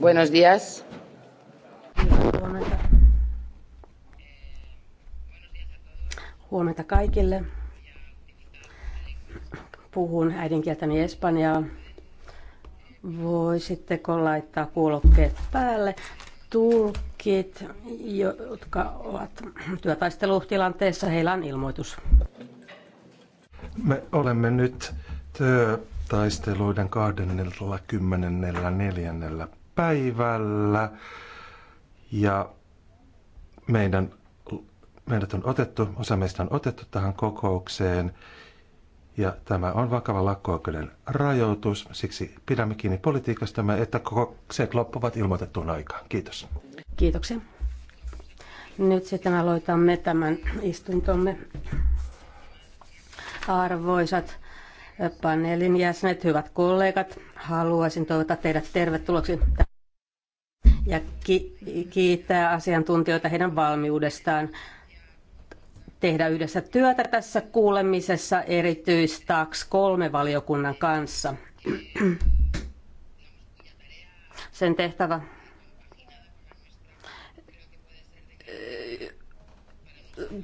Buenos días. Huomenta. Huomenta kaikille. Puhun äidinkieltäni espanjaa. Voisitteko laittaa kuulokkeet päälle? Tulkit, jotka ovat työtaistelutilanteessa, heillä on ilmoitus. Me olemme nyt työtaisteluiden 24 päivällä ja meidän, meidät on otettu, osa meistä on otettu tähän kokoukseen ja tämä on vakava lakko rajoitus, siksi pidämme kiinni politiikasta, että kokoukset loppuvat ilmoitettuun aikaan. Kiitos. Kiitoksia. Nyt sitten aloitamme tämän istuntomme. Arvoisat paneelin jäsenet, hyvät kollegat, haluaisin toivottaa teidät tervetulleeksi ja ki- kiittää asiantuntijoita heidän valmiudestaan tehdä yhdessä työtä tässä kuulemisessa erityistaks kolme valiokunnan kanssa. Sen tehtävä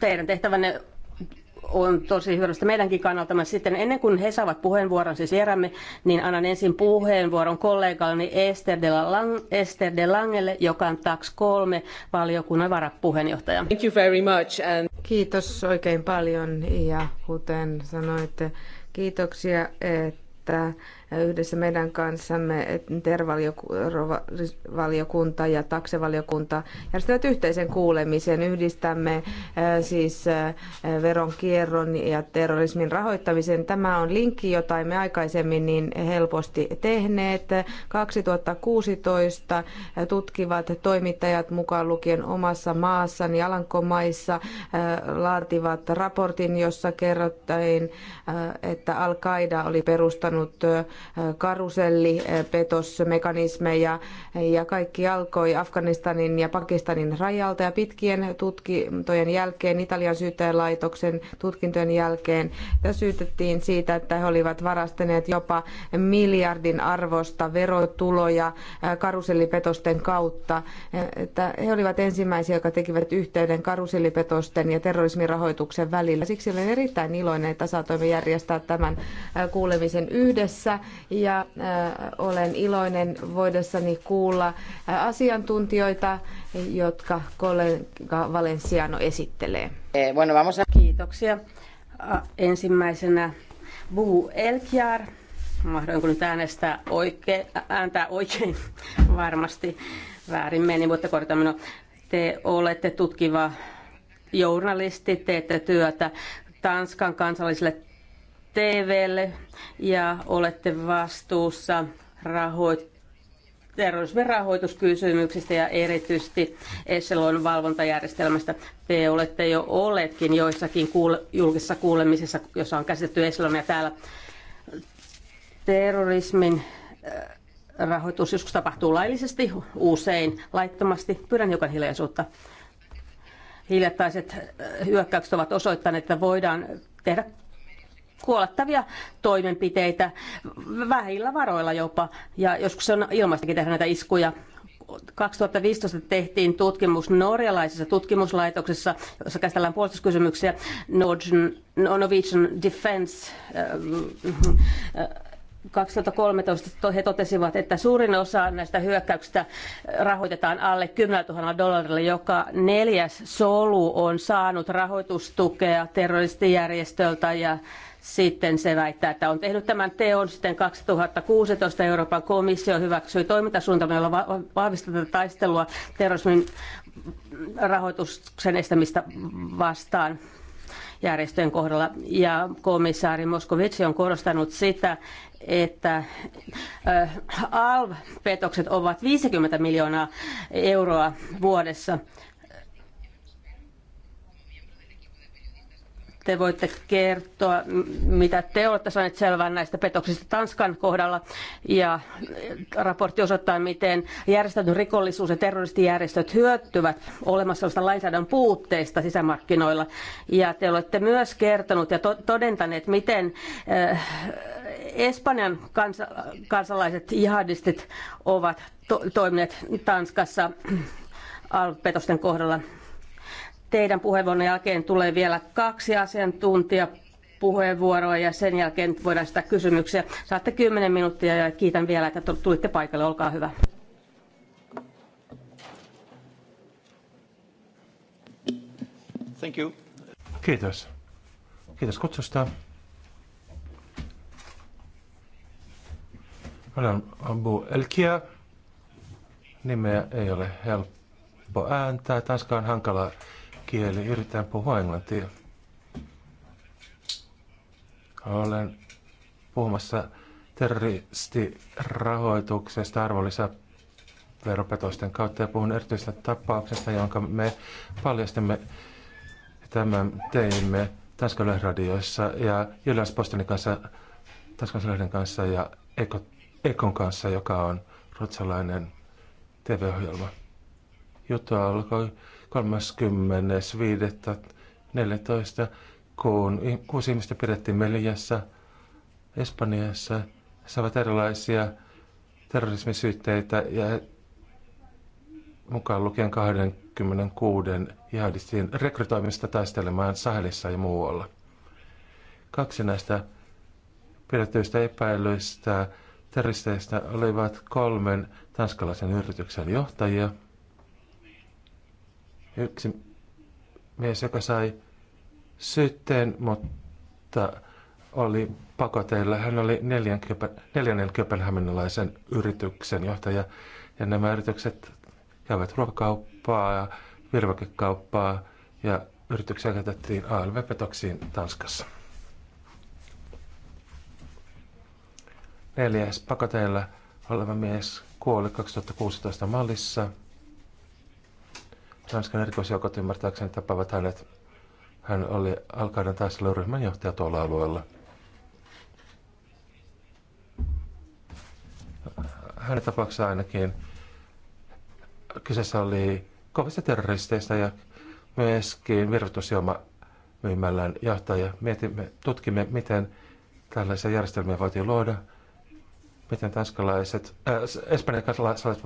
teidän tehtävänne on tosi hyödyllistä meidänkin kannalta. Sitten ennen kuin he saavat puheenvuoron, siis erämme, niin annan ensin puheenvuoron kollegalleni Esther de, Lang, Esther de Langelle, joka on TAX 3 valiokunnan varapuheenjohtaja. Thank you very much and... Kiitos oikein paljon ja kuten sanoitte, kiitoksia, että yhdessä meidän kanssamme TER-valiokunta ja taksevaliokunta järjestävät yhteisen kuulemisen. Yhdistämme äh, siis äh, veronkierron ja terrorismin rahoittamisen. Tämä on linkki, jota emme aikaisemmin niin helposti tehneet. 2016 äh, tutkivat toimittajat mukaan lukien omassa maassani Alankomaissa laativat raportin, jossa kerrottiin, että Al-Qaida oli perustanut karusellipetosmekanismeja eh, eh, ja kaikki alkoi Afganistanin ja Pakistanin rajalta ja pitkien tutkintojen jälkeen, Italian syyttäjälaitoksen tutkintojen jälkeen, ja syytettiin siitä, että he olivat varastaneet jopa miljardin arvosta verotuloja eh, karusellipetosten kautta. Että he olivat ensimmäisiä, jotka tekivät yhteyden karusellipetosten ja terrorismin rahoituksen välillä. Siksi olen erittäin iloinen, että saatoimme järjestää tämän kuulemisen yhdessä ja äh, olen iloinen voidessani kuulla äh, asiantuntijoita, jotka kollega Valenciano esittelee. Eh, Kiitoksia. Ensimmäisenä Bu Elkjar. Mahdoinko nyt äänestää oikein, ääntää oikein? Varmasti väärin meni, mutta korjata minua. Te olette tutkiva journalisti, teette työtä Tanskan kansalliselle TVlle ja olette vastuussa rahoit- terrorismin rahoituskysymyksistä ja erityisesti Echelon valvontajärjestelmästä. Te olette jo olleetkin joissakin kuule- julkisissa kuulemisissa, jossa on käsitetty Echelonia täällä terrorismin äh, rahoitus joskus tapahtuu laillisesti, usein laittomasti. Pyydän hiukan hiljaisuutta. Hiljattaiset äh, hyökkäykset ovat osoittaneet, että voidaan tehdä kuolettavia toimenpiteitä, vähillä varoilla jopa, ja joskus on ilmaistakin tehdä näitä iskuja. 2015 tehtiin tutkimus norjalaisessa tutkimuslaitoksessa, jossa käsitellään puolustuskysymyksiä, Norwegian Defense äh, äh, 2013 he totesivat, että suurin osa näistä hyökkäyksistä rahoitetaan alle 10 000 dollarilla. Joka neljäs solu on saanut rahoitustukea terroristijärjestöltä ja sitten se väittää, että on tehnyt tämän teon. Sitten 2016 Euroopan komissio hyväksyi toimintasuunnitelman, jolla vahvistetaan taistelua terrorismin rahoituksen estämistä vastaan järjestöjen kohdalla. Ja komissaari Moskovitsi on korostanut sitä, että äh, ALV-petokset ovat 50 miljoonaa euroa vuodessa. te voitte kertoa, mitä te olette saaneet selvää näistä petoksista Tanskan kohdalla. Ja eh, raportti osoittaa, miten järjestetty rikollisuus ja terroristijärjestöt hyötyvät olemassa olevasta lainsäädännön puutteista sisämarkkinoilla. Ja te olette myös kertonut ja to- todentaneet, miten äh, Espanjan kansa- kansalaiset jihadistit ovat to- toimineet Tanskassa alpetosten eh, kohdalla Teidän puheenvuoron jälkeen tulee vielä kaksi asiantuntijapuheenvuoroa ja sen jälkeen voidaan sitä kysymyksiä. Saatte 10 minuuttia ja kiitän vielä, että tulitte paikalle. Olkaa hyvä. Thank you. Kiitos. Kiitos kutsusta. Olen Abu Elkia. Nimeä ei ole helppo ääntää. Tanska on hankala kieli, yritän puhua englantia. Olen puhumassa terroristirahoituksesta arvonlisäveropetosten kautta ja puhun erityisestä tapauksesta, jonka me paljastimme tämän teimme radioissa ja Postonin kanssa, lehden kanssa ja Eko, Ekon kanssa, joka on ruotsalainen TV-ohjelma. Juttu alkoi 30.5.14, kun kuusi ihmistä pidettiin Meliassa, Espanjassa, saavat erilaisia terrorismisyytteitä ja mukaan lukien 26 jihadistin rekrytoimista taistelemaan Sahelissa ja muualla. Kaksi näistä pidettyistä epäilyistä terroristeista olivat kolmen tanskalaisen yrityksen johtajia – yksi mies, joka sai syytteen, mutta oli pakoteilla. Hän oli neljän, neljännen köpenhaminalaisen yrityksen johtaja. Ja nämä yritykset käyvät ruokakauppaa ja virvakekauppaa ja yrityksiä käytettiin ALV-petoksiin Tanskassa. Neljäs pakoteilla oleva mies kuoli 2016 mallissa – Tanskan erikoisjoukot ymmärtääkseni tapaavat hänet. Hän oli alkaiden taisteluryhmän johtaja tuolla alueella. Hänen tapauksessa ainakin kyseessä oli kovista terroristeista ja myöskin virvoitusjuoma myymällään johtaja. Mietimme, tutkimme, miten tällaisia järjestelmiä voitiin luoda – miten tanskalaiset, äh, espanjan kansalaiset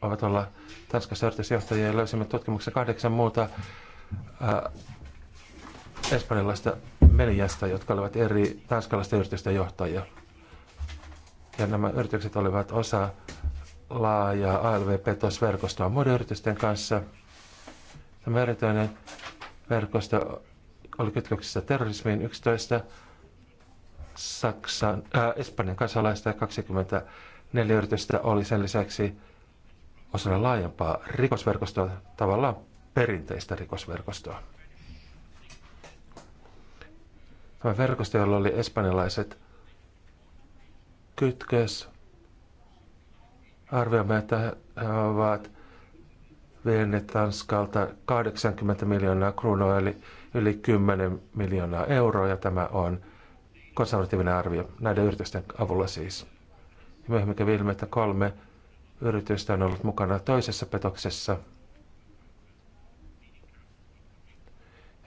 voivat olla Tanskassa yritysjohtajia ja löysimme tutkimuksessa kahdeksan muuta äh, espanjalaista veljästä, jotka olivat eri tanskalaisten yritysten johtajia. Ja nämä yritykset olivat osa laajaa ALV-petosverkostoa muiden yritysten kanssa. Tämä erityinen verkosto oli kytköksissä terrorismiin 11 Saksan, äh, Espanjan kansalaista ja 24 yritystä oli sen lisäksi osana laajempaa rikosverkostoa, tavallaan perinteistä rikosverkostoa. Tämä verkosto, jolla oli espanjalaiset kytkös, arvioimme, että he ovat vienneet Tanskalta 80 miljoonaa kruunua, eli yli 10 miljoonaa euroa, ja tämä on konservatiivinen arvio näiden yritysten avulla siis. Ja myöhemmin kävi ilmi, että kolme yritystä on ollut mukana toisessa petoksessa,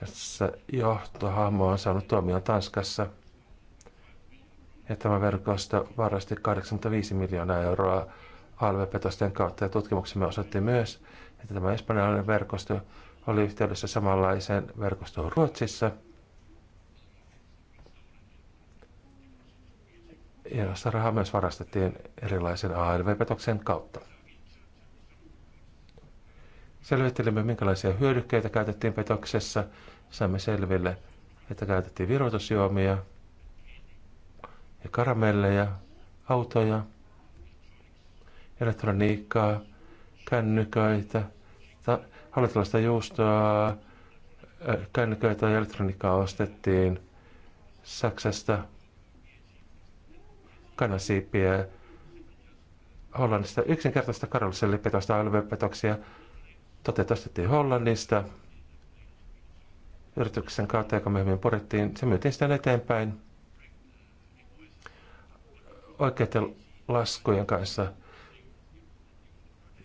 jossa johtohahmo on saanut tuomion Tanskassa. Ja tämä verkosto varasti 85 miljoonaa euroa alvepetosten kautta. Ja tutkimuksemme osoitti myös, että tämä espanjalainen verkosto oli yhteydessä samanlaiseen verkostoon Ruotsissa – jossa raha myös varastettiin erilaisen ALV-petoksen kautta. Selvittelimme, minkälaisia hyödykkeitä käytettiin petoksessa. Saimme selville, että käytettiin virotusjuomia ja karamelleja, autoja, elektroniikkaa, kännyköitä, hallitellasta juustoa, kännyköitä ja elektroniikkaa ostettiin Saksasta – kanansiipiä Hollannista. Yksinkertaista karolisen lipitosta alvepetoksia toteutettiin Hollannista yrityksen kautta, joka myöhemmin purettiin. Se myytiin sitten eteenpäin oikeiden laskujen kanssa.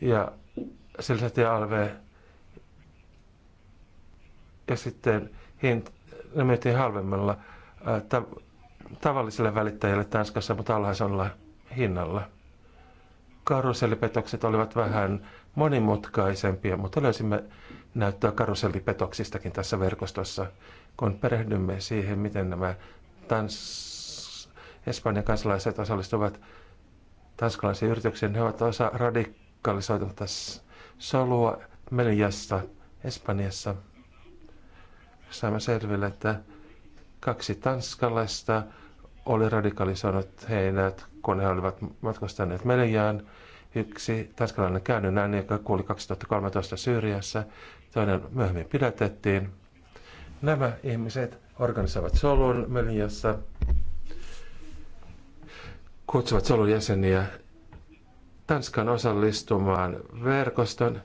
Ja se lisättiin alv. Ja sitten hint, ne myytiin halvemmalla. Äh, tavalliselle välittäjälle Tanskassa, mutta alhaisella hinnalla. Karusellipetokset olivat vähän monimutkaisempia, mutta löysimme näyttöä karusellipetoksistakin tässä verkostossa, kun perehdymme siihen, miten nämä tans- Espanjan kansalaiset osallistuvat tanskalaisiin yrityksiin. He ovat osa radikalisoitunutta solua Meliassa, Espanjassa. Saimme selville, että Kaksi tanskalaista oli radikalisoinut heidät, kun he olivat matkustaneet Meliaan. Yksi tanskalainen käännynnäinen, joka kuoli 2013 Syyriassa, toinen myöhemmin pidätettiin. Nämä ihmiset organisoivat solun Meliassa, kutsuvat solun jäseniä Tanskan osallistumaan verkoston.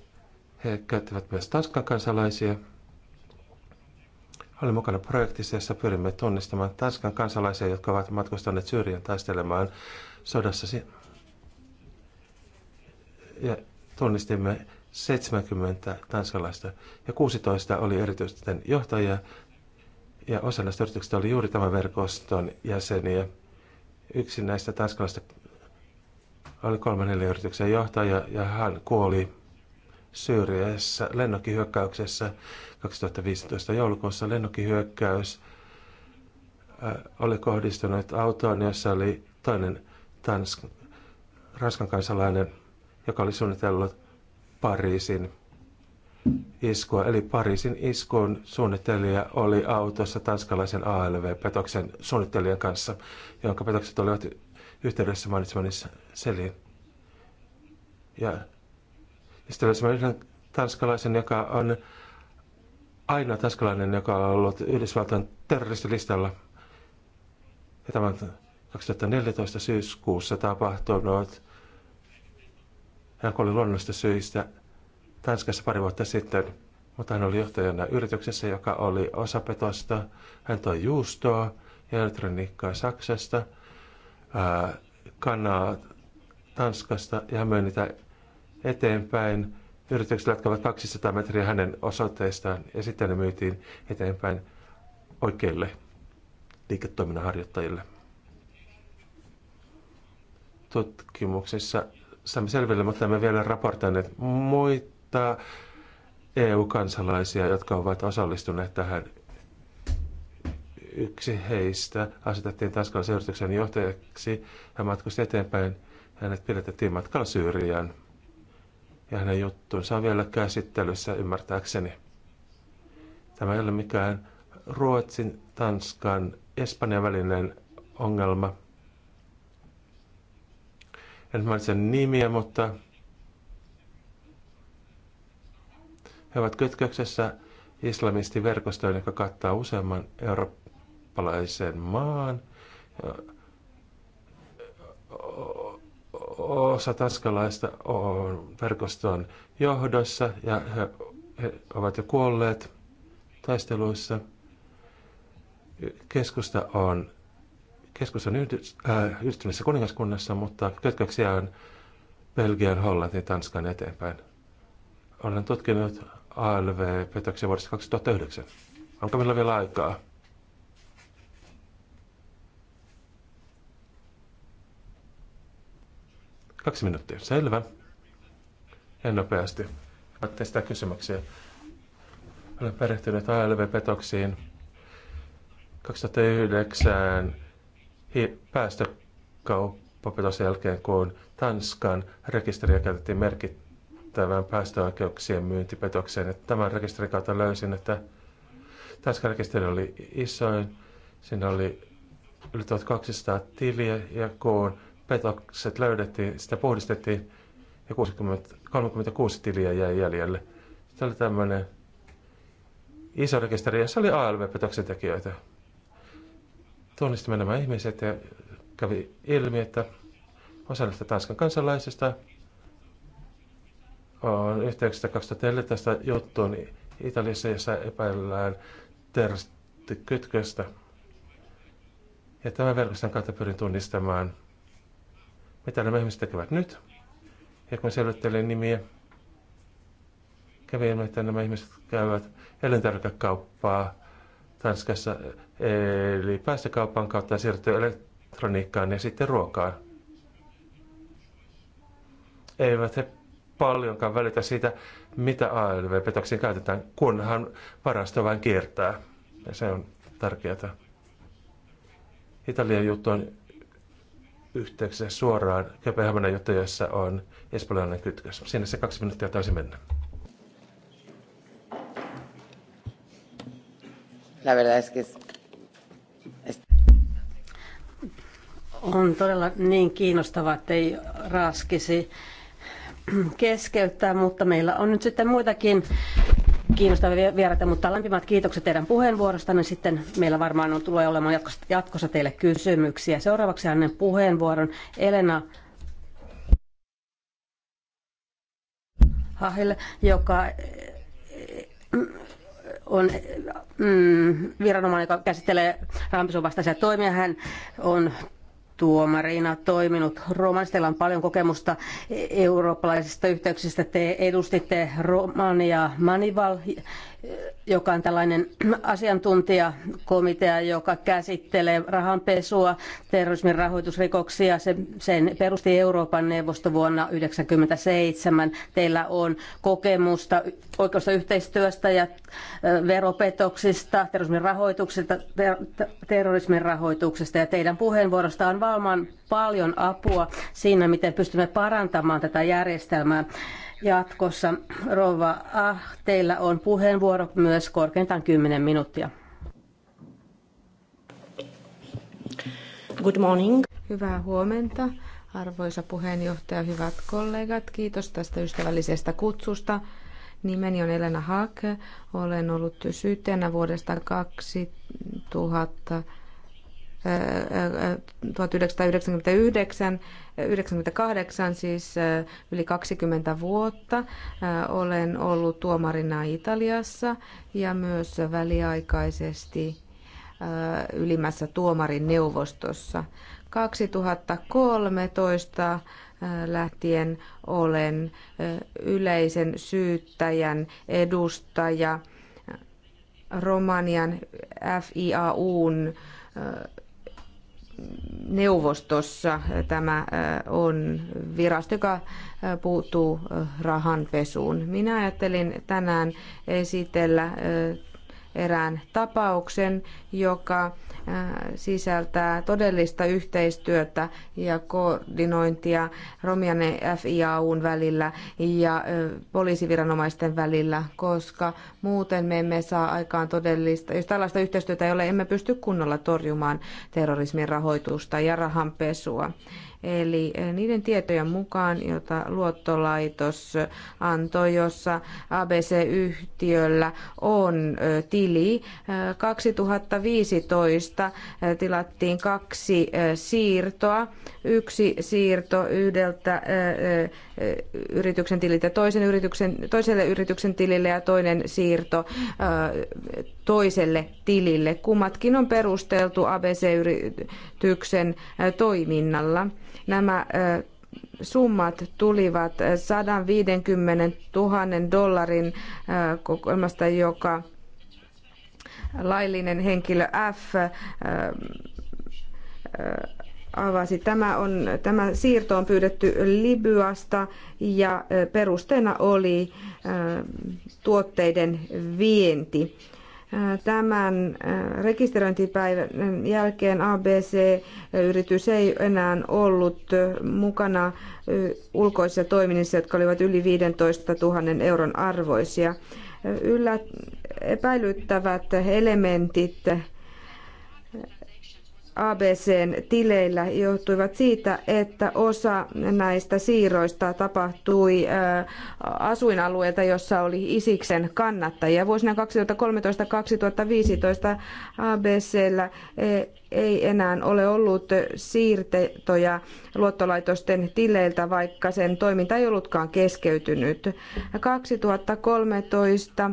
He käyttävät myös Tanskan kansalaisia – olen mukana projektissa, jossa pyrimme tunnistamaan Tanskan kansalaisia, jotka ovat matkustaneet Syyrian taistelemaan sodassa. Ja tunnistimme 70 tanskalaista ja 16 oli erityisten johtajia ja osa näistä yrityksistä oli juuri tämän verkoston jäseniä. Yksi näistä tanskalaista oli kolmen neljä yrityksen johtaja ja hän kuoli Syyriassa lennokkihyökkäyksessä 2015 joulukuussa lennokkihyökkäys äh, oli kohdistunut autoon, jossa oli toinen tansk, ranskan kansalainen, joka oli suunnitellut Pariisin iskua. Eli Pariisin iskun suunnittelija oli autossa tanskalaisen ALV-petoksen suunnittelijan kanssa, jonka petokset olivat yhteydessä mainitsemani Selin. Ja sitten löysimme yhden tanskalaisen, joka on aina tanskalainen, joka on ollut Yhdysvaltain terroristilistalla. Ja tämä on 2014 syyskuussa tapahtunut. Hän oli luonnollista syistä Tanskassa pari vuotta sitten, mutta hän oli johtajana yrityksessä, joka oli osapetosta. Hän toi juustoa ja elektroniikkaa Saksasta, kanaa Tanskasta ja hän myi niitä eteenpäin yritykset jatkavat 200 metriä hänen osoitteestaan, ja sitten ne myytiin eteenpäin oikeille liiketoiminnan harjoittajille. Tutkimuksissa saimme selville, mutta emme vielä raportoineet muita EU-kansalaisia, jotka ovat osallistuneet tähän. Yksi heistä asetettiin tanskalaisen yrityksen johtajaksi. Hän matkusti eteenpäin. Hänet pidätettiin matkalla Syyriaan. Ja hänen juttuunsa on vielä käsittelyssä, ymmärtääkseni. Tämä ei ole mikään Ruotsin, Tanskan, Espanjan välinen ongelma. En mainitse nimiä, mutta he ovat kytköksessä islamistiverkostoon, joka kattaa useamman eurooppalaisen maan osa tanskalaista on verkoston johdossa ja he, he ovat jo kuolleet taisteluissa. Keskusta on, keskusta on yhdys, äh, yhdistymisessä kuningaskunnassa, mutta kytköksiä on Belgian, ja Tanskan eteenpäin. Olen tutkinut ALV-petoksia vuodesta 2009. Onko meillä vielä aikaa? Kaksi minuuttia. Selvä. Ja nopeasti. Ajattelin sitä kysymyksiä. Olen perehtynyt ALV-petoksiin. 2009 hi- päästökauppapetos jälkeen, kun Tanskan rekisteriä käytettiin merkittävän päästöoikeuksien myyntipetokseen. Että tämän rekisterin kautta löysin, että Tanskan rekisteri oli isoin. Siinä oli yli 1200 tiliä ja kun petokset löydettiin, sitä puhdistettiin ja 60, 36 tiliä jäi jäljelle. Sitten oli tämmöinen iso rekisteri, jossa oli ALV-petoksen tekijöitä. Tunnistimme nämä ihmiset ja kävi ilmi, että osa näistä Tanskan kansalaisista on yhteyksistä 2014 juttuun Italiassa, jossa epäillään terroristikytköstä. Ja tämän verkoston kautta pyrin tunnistamaan mitä nämä ihmiset tekevät nyt. Ja kun selvittelin nimiä, kävi ilmi, että nämä ihmiset käyvät elintarvikekauppaa Tanskassa, eli päästökaupan kautta siirtyy elektroniikkaan ja sitten ruokaan. Eivät he paljonkaan välitä siitä, mitä ALV-petoksiin käytetään, kunhan varasto vain kiertää. Ja se on tärkeää. Italian juttu on yhteyksiä suoraan Kööpenhaminan juttu, jossa on espanjalainen kytkös. Siinä se kaksi minuuttia taisi mennä. La verdad es que es... On todella niin kiinnostavaa, että ei raskisi keskeyttää, mutta meillä on nyt sitten muitakin kiinnostavia vieraita, mutta lämpimät kiitokset teidän puheenvuorostanne. Sitten meillä varmaan on, tulee olemaan jatkossa, teille kysymyksiä. Seuraavaksi annan puheenvuoron Elena Hahille, joka eh, on eh, mm, viranomainen, joka käsittelee rahanpesun vastaisia toimia. Hän on tuomarina toiminut. Romanistilla on paljon kokemusta e- eurooppalaisista yhteyksistä. Te edustitte Romania Manival joka on tällainen asiantuntijakomitea, joka käsittelee rahanpesua, terrorismin rahoitusrikoksia. sen perusti Euroopan neuvosto vuonna 1997. Teillä on kokemusta oikeasta yhteistyöstä ja veropetoksista, terrorismin rahoituksesta, ter- terrorismin rahoituksesta. Ja teidän puheenvuorosta on valman paljon apua siinä, miten pystymme parantamaan tätä järjestelmää jatkossa. Rova Ah, teillä on puheenvuoro myös korkeintaan 10 minuuttia. Good morning. Hyvää huomenta. Arvoisa puheenjohtaja, hyvät kollegat, kiitos tästä ystävällisestä kutsusta. Nimeni on Elena Haak. Olen ollut syyttäjänä vuodesta 2000 1999 98, siis yli 20 vuotta. Olen ollut tuomarina Italiassa ja myös väliaikaisesti ylimmässä tuomarin neuvostossa. 2013 lähtien olen yleisen syyttäjän edustaja Romanian FIAUn neuvostossa. Tämä on virasto, joka puuttuu rahanpesuun. Minä ajattelin tänään esitellä erään tapauksen, joka äh, sisältää todellista yhteistyötä ja koordinointia Romian FIAUn välillä ja poliisiviranomaisten välillä, koska muuten me emme saa aikaan todellista, jos tällaista yhteistyötä ei ole, emme pysty kunnolla torjumaan terrorismin rahoitusta ja rahanpesua. Eli eh, niiden tietojen mukaan, joita luottolaitos antoi, jossa ABC-yhtiöllä on eh, tili. 2015 eh, tilattiin kaksi siirtoa. Yksi siirto yhdeltä yrityksen tililtä toisen yrityksen, toiselle yrityksen tilille ja toinen siirto toiselle tilille. Kummatkin on perusteltu ABC-yrityksen toiminnalla. Nämä summat tulivat 150 000 dollarin kokoelmasta, joka laillinen henkilö F avasi. Tämä, on, tämä siirto on pyydetty Libyasta ja perusteena oli tuotteiden vienti tämän rekisteröintipäivän jälkeen ABC-yritys ei enää ollut mukana ulkoisissa toiminnissa, jotka olivat yli 15 000 euron arvoisia. Yllä epäilyttävät elementit ABCn tileillä johtuivat siitä, että osa näistä siirroista tapahtui asuinalueelta, jossa oli Isiksen kannattajia. Vuosina 2013-2015 ABCllä e, ei enää ole ollut siirtoja luottolaitosten tileiltä, vaikka sen toiminta ei ollutkaan keskeytynyt. 2013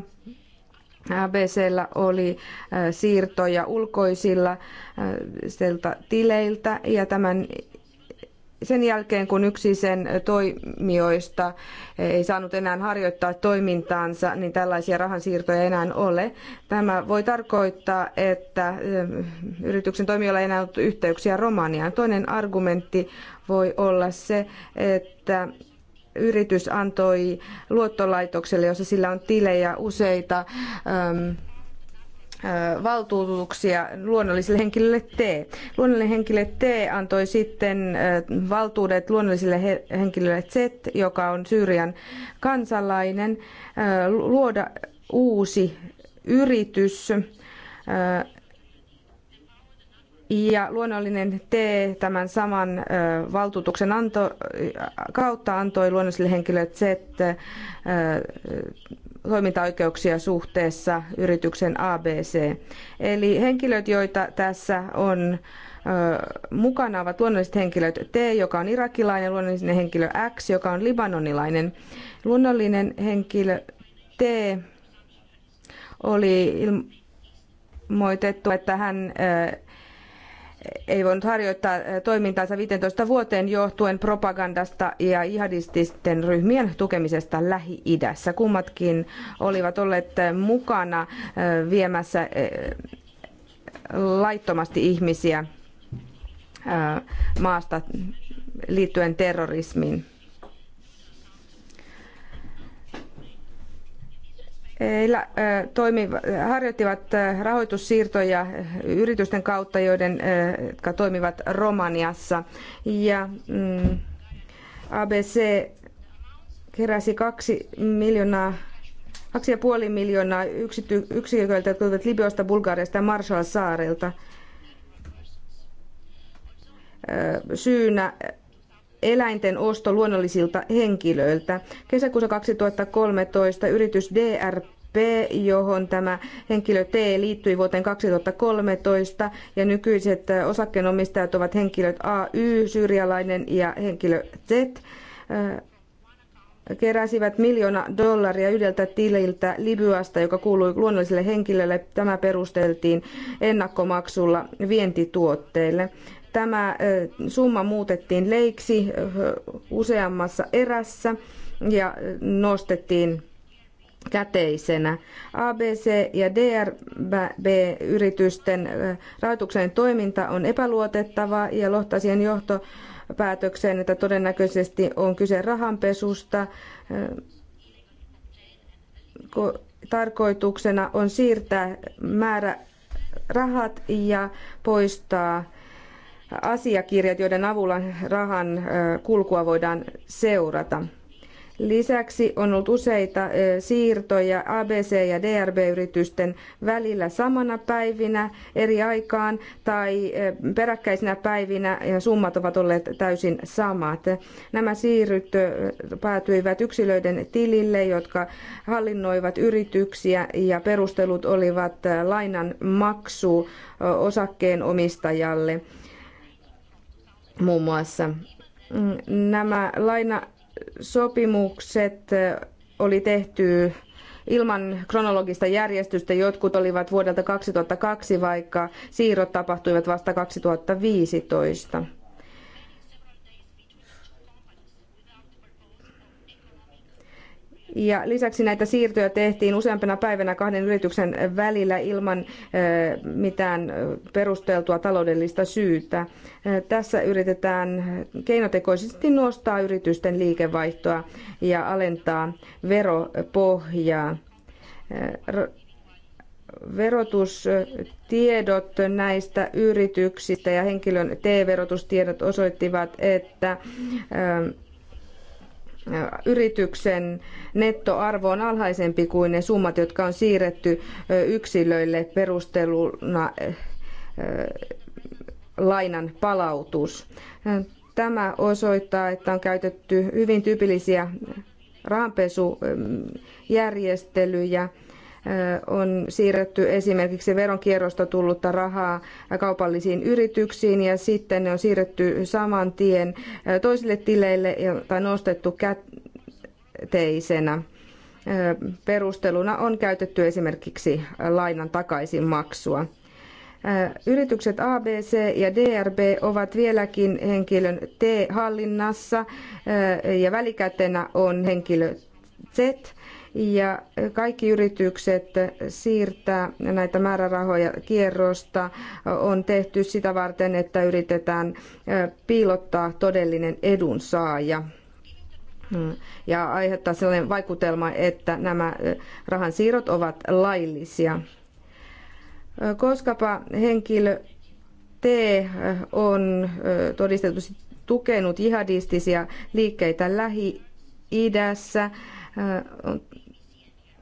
ABCllä oli äh, siirtoja ulkoisilla äh, tileiltä ja tämän sen jälkeen, kun yksi sen toimijoista ei saanut enää harjoittaa toimintaansa, niin tällaisia rahansiirtoja ei enää ole. Tämä voi tarkoittaa, että äh, yrityksen toimijoilla ei enää ollut yhteyksiä Romaniaan. Toinen argumentti voi olla se, että yritys antoi luottolaitokselle, jossa sillä on tilejä useita ähm, äh, valtuutuksia luonnollisille henkilöille T. Luonnollinen henkilö T antoi sitten äh, valtuudet luonnolliselle henkilölle Z, joka on Syyrian kansalainen, äh, luoda uusi yritys ja luonnollinen T tämän saman valtuutuksen anto, kautta antoi luonnollisille henkilöille Z toimintaoikeuksia suhteessa yrityksen ABC. Eli henkilöt, joita tässä on mukana ovat luonnolliset henkilöt T, joka on irakilainen, luonnollinen henkilö X, joka on libanonilainen. Luonnollinen henkilö T oli ilmoitettu, että hän ei voinut harjoittaa eh, toimintaansa 15 vuoteen johtuen propagandasta ja jihadististen ryhmien tukemisesta Lähi-idässä. Kummatkin olivat olleet eh, mukana eh, viemässä laittomasti ihmisiä maasta liittyen terrorismiin. harjoittivat rahoitussiirtoja yritysten kautta, joiden, jotka toimivat Romaniassa. Ja mm, ABC keräsi kaksi miljoonaa kaksi miljoonaa yksity, yksiköiltä, jotka tulivat Libyasta, Bulgariasta ja Marshall-saarelta. Syynä eläinten osto luonnollisilta henkilöiltä. Kesäkuussa 2013 yritys DRP, johon tämä henkilö T liittyi vuoteen 2013 ja nykyiset osakkeenomistajat ovat henkilöt AY, syyrialainen ja henkilö Z äh, keräsivät miljoona dollaria yhdeltä tililtä Libyasta, joka kuului luonnolliselle henkilölle. Tämä perusteltiin ennakkomaksulla vientituotteille. Tämä summa muutettiin leiksi useammassa erässä ja nostettiin käteisenä. ABC- ja DRB-yritysten rahoituksen toiminta on epäluotettavaa ja lohtasien johto päätökseen, että todennäköisesti on kyse rahanpesusta. Tarkoituksena on siirtää määrä rahat ja poistaa asiakirjat, joiden avulla rahan kulkua voidaan seurata. Lisäksi on ollut useita siirtoja ABC- ja DRB-yritysten välillä samana päivinä eri aikaan tai peräkkäisinä päivinä ja summat ovat olleet täysin samat. Nämä siirryt päätyivät yksilöiden tilille, jotka hallinnoivat yrityksiä ja perustelut olivat lainan maksu osakkeenomistajalle. omistajalle muun muassa. Mm, nämä lainasopimukset oli tehty ilman kronologista järjestystä. Jotkut olivat vuodelta 2002, vaikka siirrot tapahtuivat vasta 2015. Ja lisäksi näitä siirtoja tehtiin useampana päivänä kahden yrityksen välillä ilman mitään perusteltua taloudellista syytä. Tässä yritetään keinotekoisesti nostaa yritysten liikevaihtoa ja alentaa veropohjaa. Verotustiedot näistä yrityksistä ja henkilön T-verotustiedot osoittivat, että yrityksen nettoarvo on alhaisempi kuin ne summat, jotka on siirretty yksilöille perusteluna lainan palautus. Tämä osoittaa, että on käytetty hyvin tyypillisiä rahanpesujärjestelyjä on siirretty esimerkiksi veronkierrosta tullutta rahaa kaupallisiin yrityksiin ja sitten ne on siirretty saman tien toisille tileille tai nostettu käteisenä. Perusteluna on käytetty esimerkiksi lainan takaisinmaksua. Yritykset ABC ja DRB ovat vieläkin henkilön T-hallinnassa ja välikätenä on henkilö Z ja kaikki yritykset siirtää näitä määrärahoja kierrosta on tehty sitä varten, että yritetään piilottaa todellinen edunsaaja hmm. ja aiheuttaa sellainen vaikutelma, että nämä siirrot ovat laillisia. Koskapa henkilö T on todistetusti tukenut jihadistisia liikkeitä Lähi-idässä,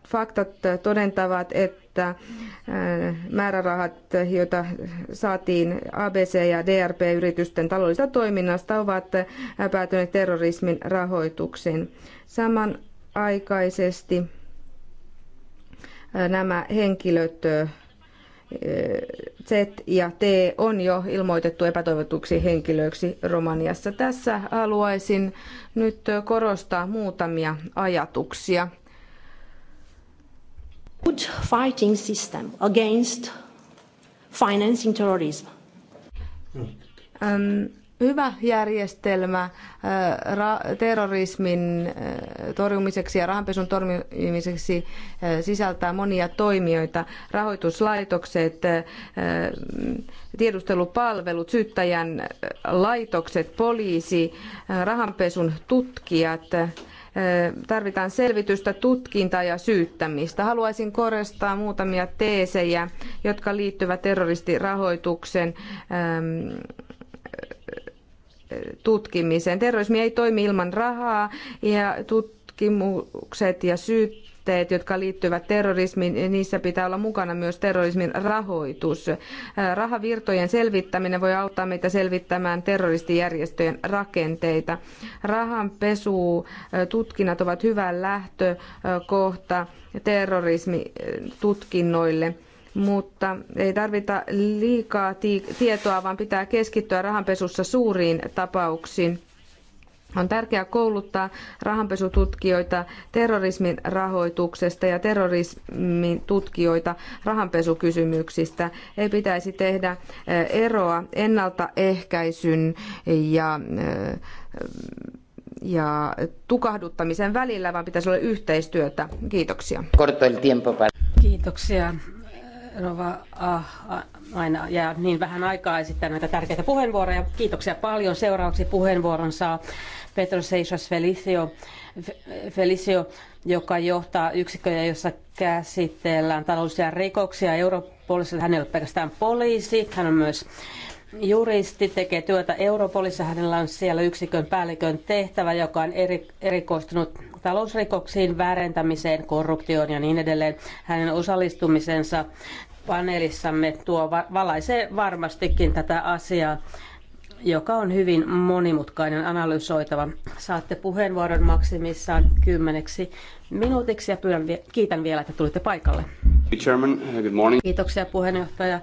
faktat todentavat, että määrärahat, joita saatiin ABC- ja DRP-yritysten taloudellisesta toiminnasta, ovat päätyneet terrorismin rahoituksiin. Samanaikaisesti nämä henkilöt Z ja T on jo ilmoitettu epätoivotuksi henkilöiksi Romaniassa. Tässä haluaisin nyt korostaa muutamia ajatuksia. Good fighting system against financing terrorism hyvä järjestelmä äh, terrorismin äh, torjumiseksi ja rahanpesun torjumiseksi äh, sisältää monia toimijoita, rahoituslaitokset, tiedustelupalvelut, syyttäjän laitokset, poliisi, rahanpesun tutkijat, tarvitaan selvitystä, tutkintaa ja syyttämistä. Haluaisin korostaa muutamia teesejä, jotka liittyvät terroristirahoituksen rahoituksen ähm, tutkimiseen. Terrorismi ei toimi ilman rahaa ja tutkimukset ja syyt jotka liittyvät terrorismiin, niissä pitää olla mukana myös terrorismin rahoitus. Rahavirtojen selvittäminen voi auttaa meitä selvittämään terroristijärjestöjen rakenteita. Rahanpesu, tutkinnat ovat hyvä lähtökohta terrorismitutkinnoille mutta ei tarvita liikaa tietoa, vaan pitää keskittyä rahanpesussa suuriin tapauksiin. On tärkeää kouluttaa rahanpesututkijoita terrorismin rahoituksesta ja terrorismin tutkijoita rahanpesukysymyksistä. Ei pitäisi tehdä eh, eroa ennaltaehkäisyn ja eh, ja tukahduttamisen välillä, vaan pitäisi olla yhteistyötä. Kiitoksia. Kiitoksia. Rova ah, aina jää niin vähän aikaa esittää näitä tärkeitä puheenvuoroja. Kiitoksia paljon. Seuraavaksi puheenvuoron saa Petro Seixas Felicio, Felicio, joka johtaa yksikköjä, jossa käsitellään taloudellisia rikoksia Europolissa. Hän ei ole pelkästään poliisi, hän on myös juristi, tekee työtä Europolissa. Hänellä on siellä yksikön päällikön tehtävä, joka on eri, erikoistunut talousrikoksiin, väärentämiseen, korruptioon ja niin edelleen. Hänen osallistumisensa paneelissamme tuo valaisee varmastikin tätä asiaa, joka on hyvin monimutkainen analysoitava. Saatte puheenvuoron maksimissaan kymmeneksi minuutiksi ja pyydän, kiitän vielä, että tulitte paikalle. Chairman, good morning. Kiitoksia puheenjohtaja.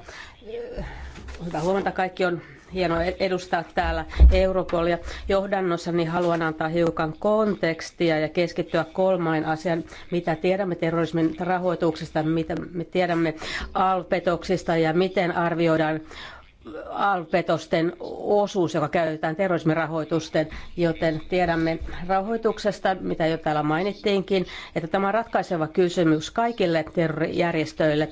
Hyvää huomenta. Kaikki on hienoa edustaa täällä Europolia. Johdannossa niin haluan antaa hiukan kontekstia ja keskittyä kolmain asian, mitä tiedämme terrorismin rahoituksesta, mitä me tiedämme alpetoksista ja miten arvioidaan alpetosten osuus, joka käytetään terrorismirahoitusten, joten tiedämme rahoituksesta, mitä jo täällä mainittiinkin, että tämä on ratkaiseva kysymys kaikille terrorijärjestöille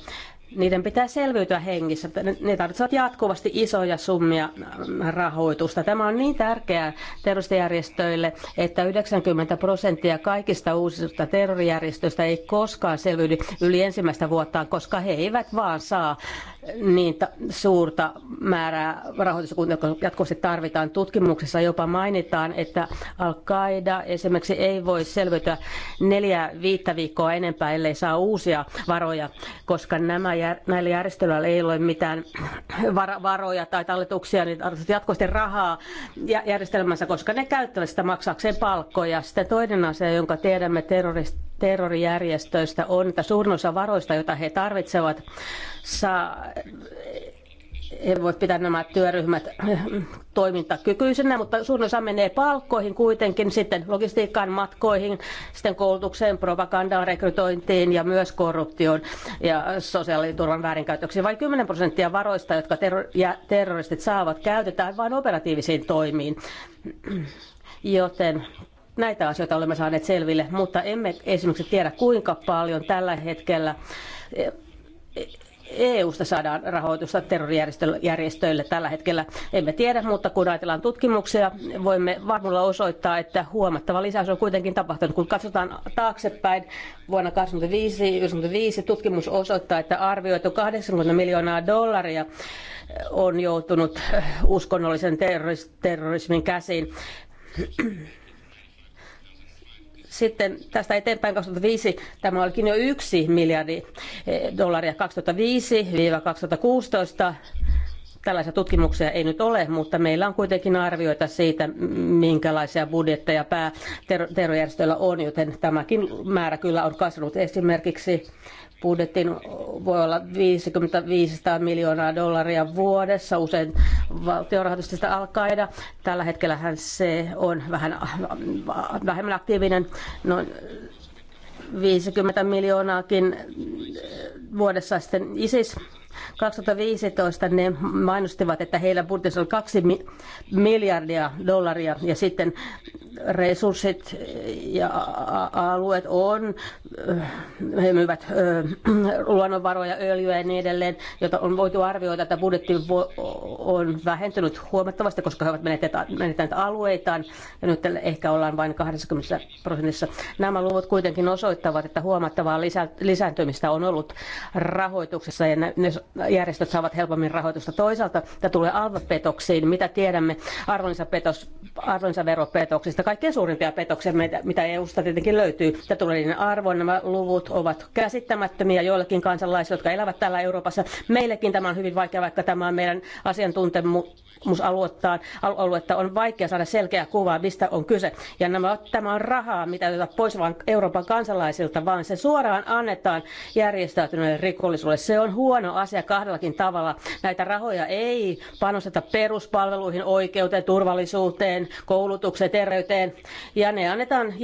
niiden pitää selviytyä hengissä. Ne tarvitsevat jatkuvasti isoja summia rahoitusta. Tämä on niin tärkeää terroristijärjestöille, että 90 prosenttia kaikista uusista terrorijärjestöistä ei koskaan selviydy yli ensimmäistä vuottaan, koska he eivät vaan saa niin suurta määrää rahoitusta kuin jatkuvasti tarvitaan. Tutkimuksessa jopa mainitaan, että Al-Qaida esimerkiksi ei voi selvitä neljä viittä viikkoa enempää, ellei saa uusia varoja, koska nämä, näillä järjestöillä ei ole mitään varoja tai talletuksia, niin jatkuvasti rahaa järjestelmänsä, koska ne käyttävät sitä maksaakseen palkkoja. Sitten toinen asia, jonka tiedämme terrorist terrorijärjestöistä on, että suurin osa varoista, joita he tarvitsevat, saa, he voivat pitää nämä työryhmät toimintakykyisenä, mutta suurin osa menee palkkoihin kuitenkin, sitten logistiikkaan, matkoihin, sitten koulutukseen, propagandaan, rekrytointiin ja myös korruptioon ja sosiaaliturvan väärinkäytöksiin. Vain 10 prosenttia varoista, jotka terroristit saavat, käytetään vain operatiivisiin toimiin. Joten näitä asioita olemme saaneet selville, mutta emme esimerkiksi tiedä kuinka paljon tällä hetkellä EU-sta eh, e saadaan rahoitusta terrorijärjestöille tällä hetkellä. Emme tiedä, mutta kun ajatellaan tutkimuksia, voimme varmulla osoittaa, että huomattava lisäys on kuitenkin tapahtunut. Kun katsotaan taaksepäin, vuonna 2005 tutkimus osoittaa, että arvioitu 80 miljoonaa dollaria on joutunut uskonnollisen terrorismin käsiin sitten tästä eteenpäin 2005 tämä olikin jo yksi miljardi eh, dollaria 2005-2016 Tällaisia tutkimuksia ei nyt ole, mutta meillä on kuitenkin arvioita siitä, minkälaisia budjetteja pääterrorjärjestöillä on, joten tämäkin määrä kyllä on kasvanut. Esimerkiksi budjetin voi olla 50-500 miljoonaa dollaria vuodessa, usein valtiorahoituksesta alkaa Tällä hetkellähän se on vähän vähemmän aktiivinen, noin 50 miljoonaakin vuodessa sitten ISIS 2015 ne mainostivat, että heillä budjetissa oli kaksi miljardia dollaria ja sitten resurssit ja alueet on, he myyvät luonnonvaroja, öljyä ja niin edelleen, jota on voitu arvioida, että budjetti on vähentynyt huomattavasti, koska he ovat menettäneet alueitaan ja nyt ehkä ollaan vain 20 prosentissa. Nämä luvut kuitenkin osoittavat, että huomattavaa lisääntymistä on ollut rahoituksessa ja ne järjestöt saavat helpommin rahoitusta. Toisaalta tämä tulee alvapetoksiin, mitä tiedämme arvonlisäpetos, arvonlisäveropetoksista. Kaikkein suurimpia petoksia, mitä EU-sta tietenkin löytyy. Tämä tulee niiden arvoon. Nämä luvut ovat käsittämättömiä joillekin kansalaisille, jotka elävät täällä Euroopassa. Meillekin tämä on hyvin vaikea, vaikka tämä on meidän asiantuntemu tutkimusaluettaan, aluetta on vaikea saada selkeää kuvaa, mistä on kyse. Ja nämä, tämä on rahaa, mitä otetaan pois vain Euroopan kansalaisilta, vaan se suoraan annetaan järjestäytyneelle rikollisuudelle. Se on huono asia kahdellakin tavalla. Näitä rahoja ei panosteta peruspalveluihin, oikeuteen, turvallisuuteen, koulutukseen, terveyteen. Ja ne annetaan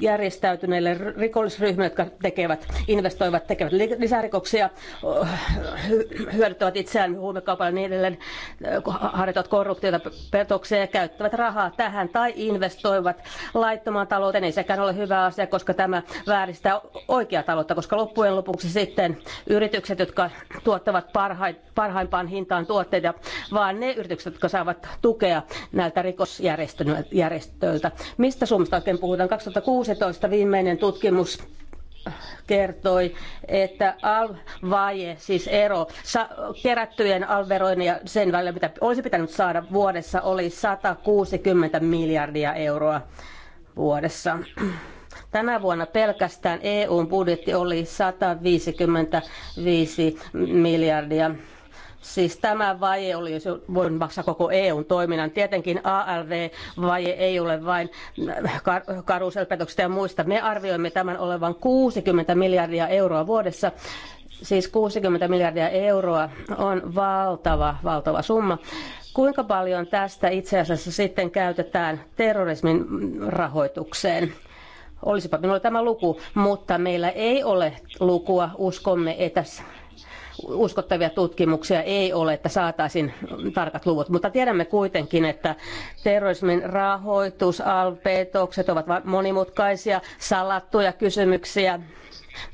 järjestäytyneille rikollisryhmille, jotka tekevät, investoivat, tekevät lisärikoksia, hyödyttävät itseään huumekaupalla ja niin edelleen harjoittavat korruptiota petoksia ja käyttävät rahaa tähän tai investoivat laittomaan talouteen, ei sekään ole hyvä asia, koska tämä vääristää oikeaa taloutta, koska loppujen lopuksi sitten yritykset, jotka tuottavat parhaimpaan hintaan tuotteita, vaan ne yritykset, jotka saavat tukea näiltä rikosjärjestöiltä. Mistä Suomesta oikein puhutaan? 2016 viimeinen tutkimus kertoi, että alvaje, siis ero kerättyjen alverojen ja sen välillä, mitä olisi pitänyt saada vuodessa, oli 160 miljardia euroa vuodessa. Tänä vuonna pelkästään EUn budjetti oli 155 miljardia Siis tämä vaje oli, jos voin maksaa koko EUn toiminnan. Tietenkin ALV-vaje ei ole vain äh, karuselpetoksista ja muista. Me arvioimme tämän olevan 60 miljardia euroa vuodessa. Siis 60 miljardia euroa on valtava, valtava summa. Kuinka paljon tästä itse asiassa sitten käytetään terrorismin rahoitukseen? Olisipa minulla tämä luku, mutta meillä ei ole lukua. Uskomme, että uskottavia tutkimuksia ei ole, että saataisiin tarkat luvut. Mutta tiedämme kuitenkin, että terrorismin rahoitus, alpeetokset ovat monimutkaisia, salattuja kysymyksiä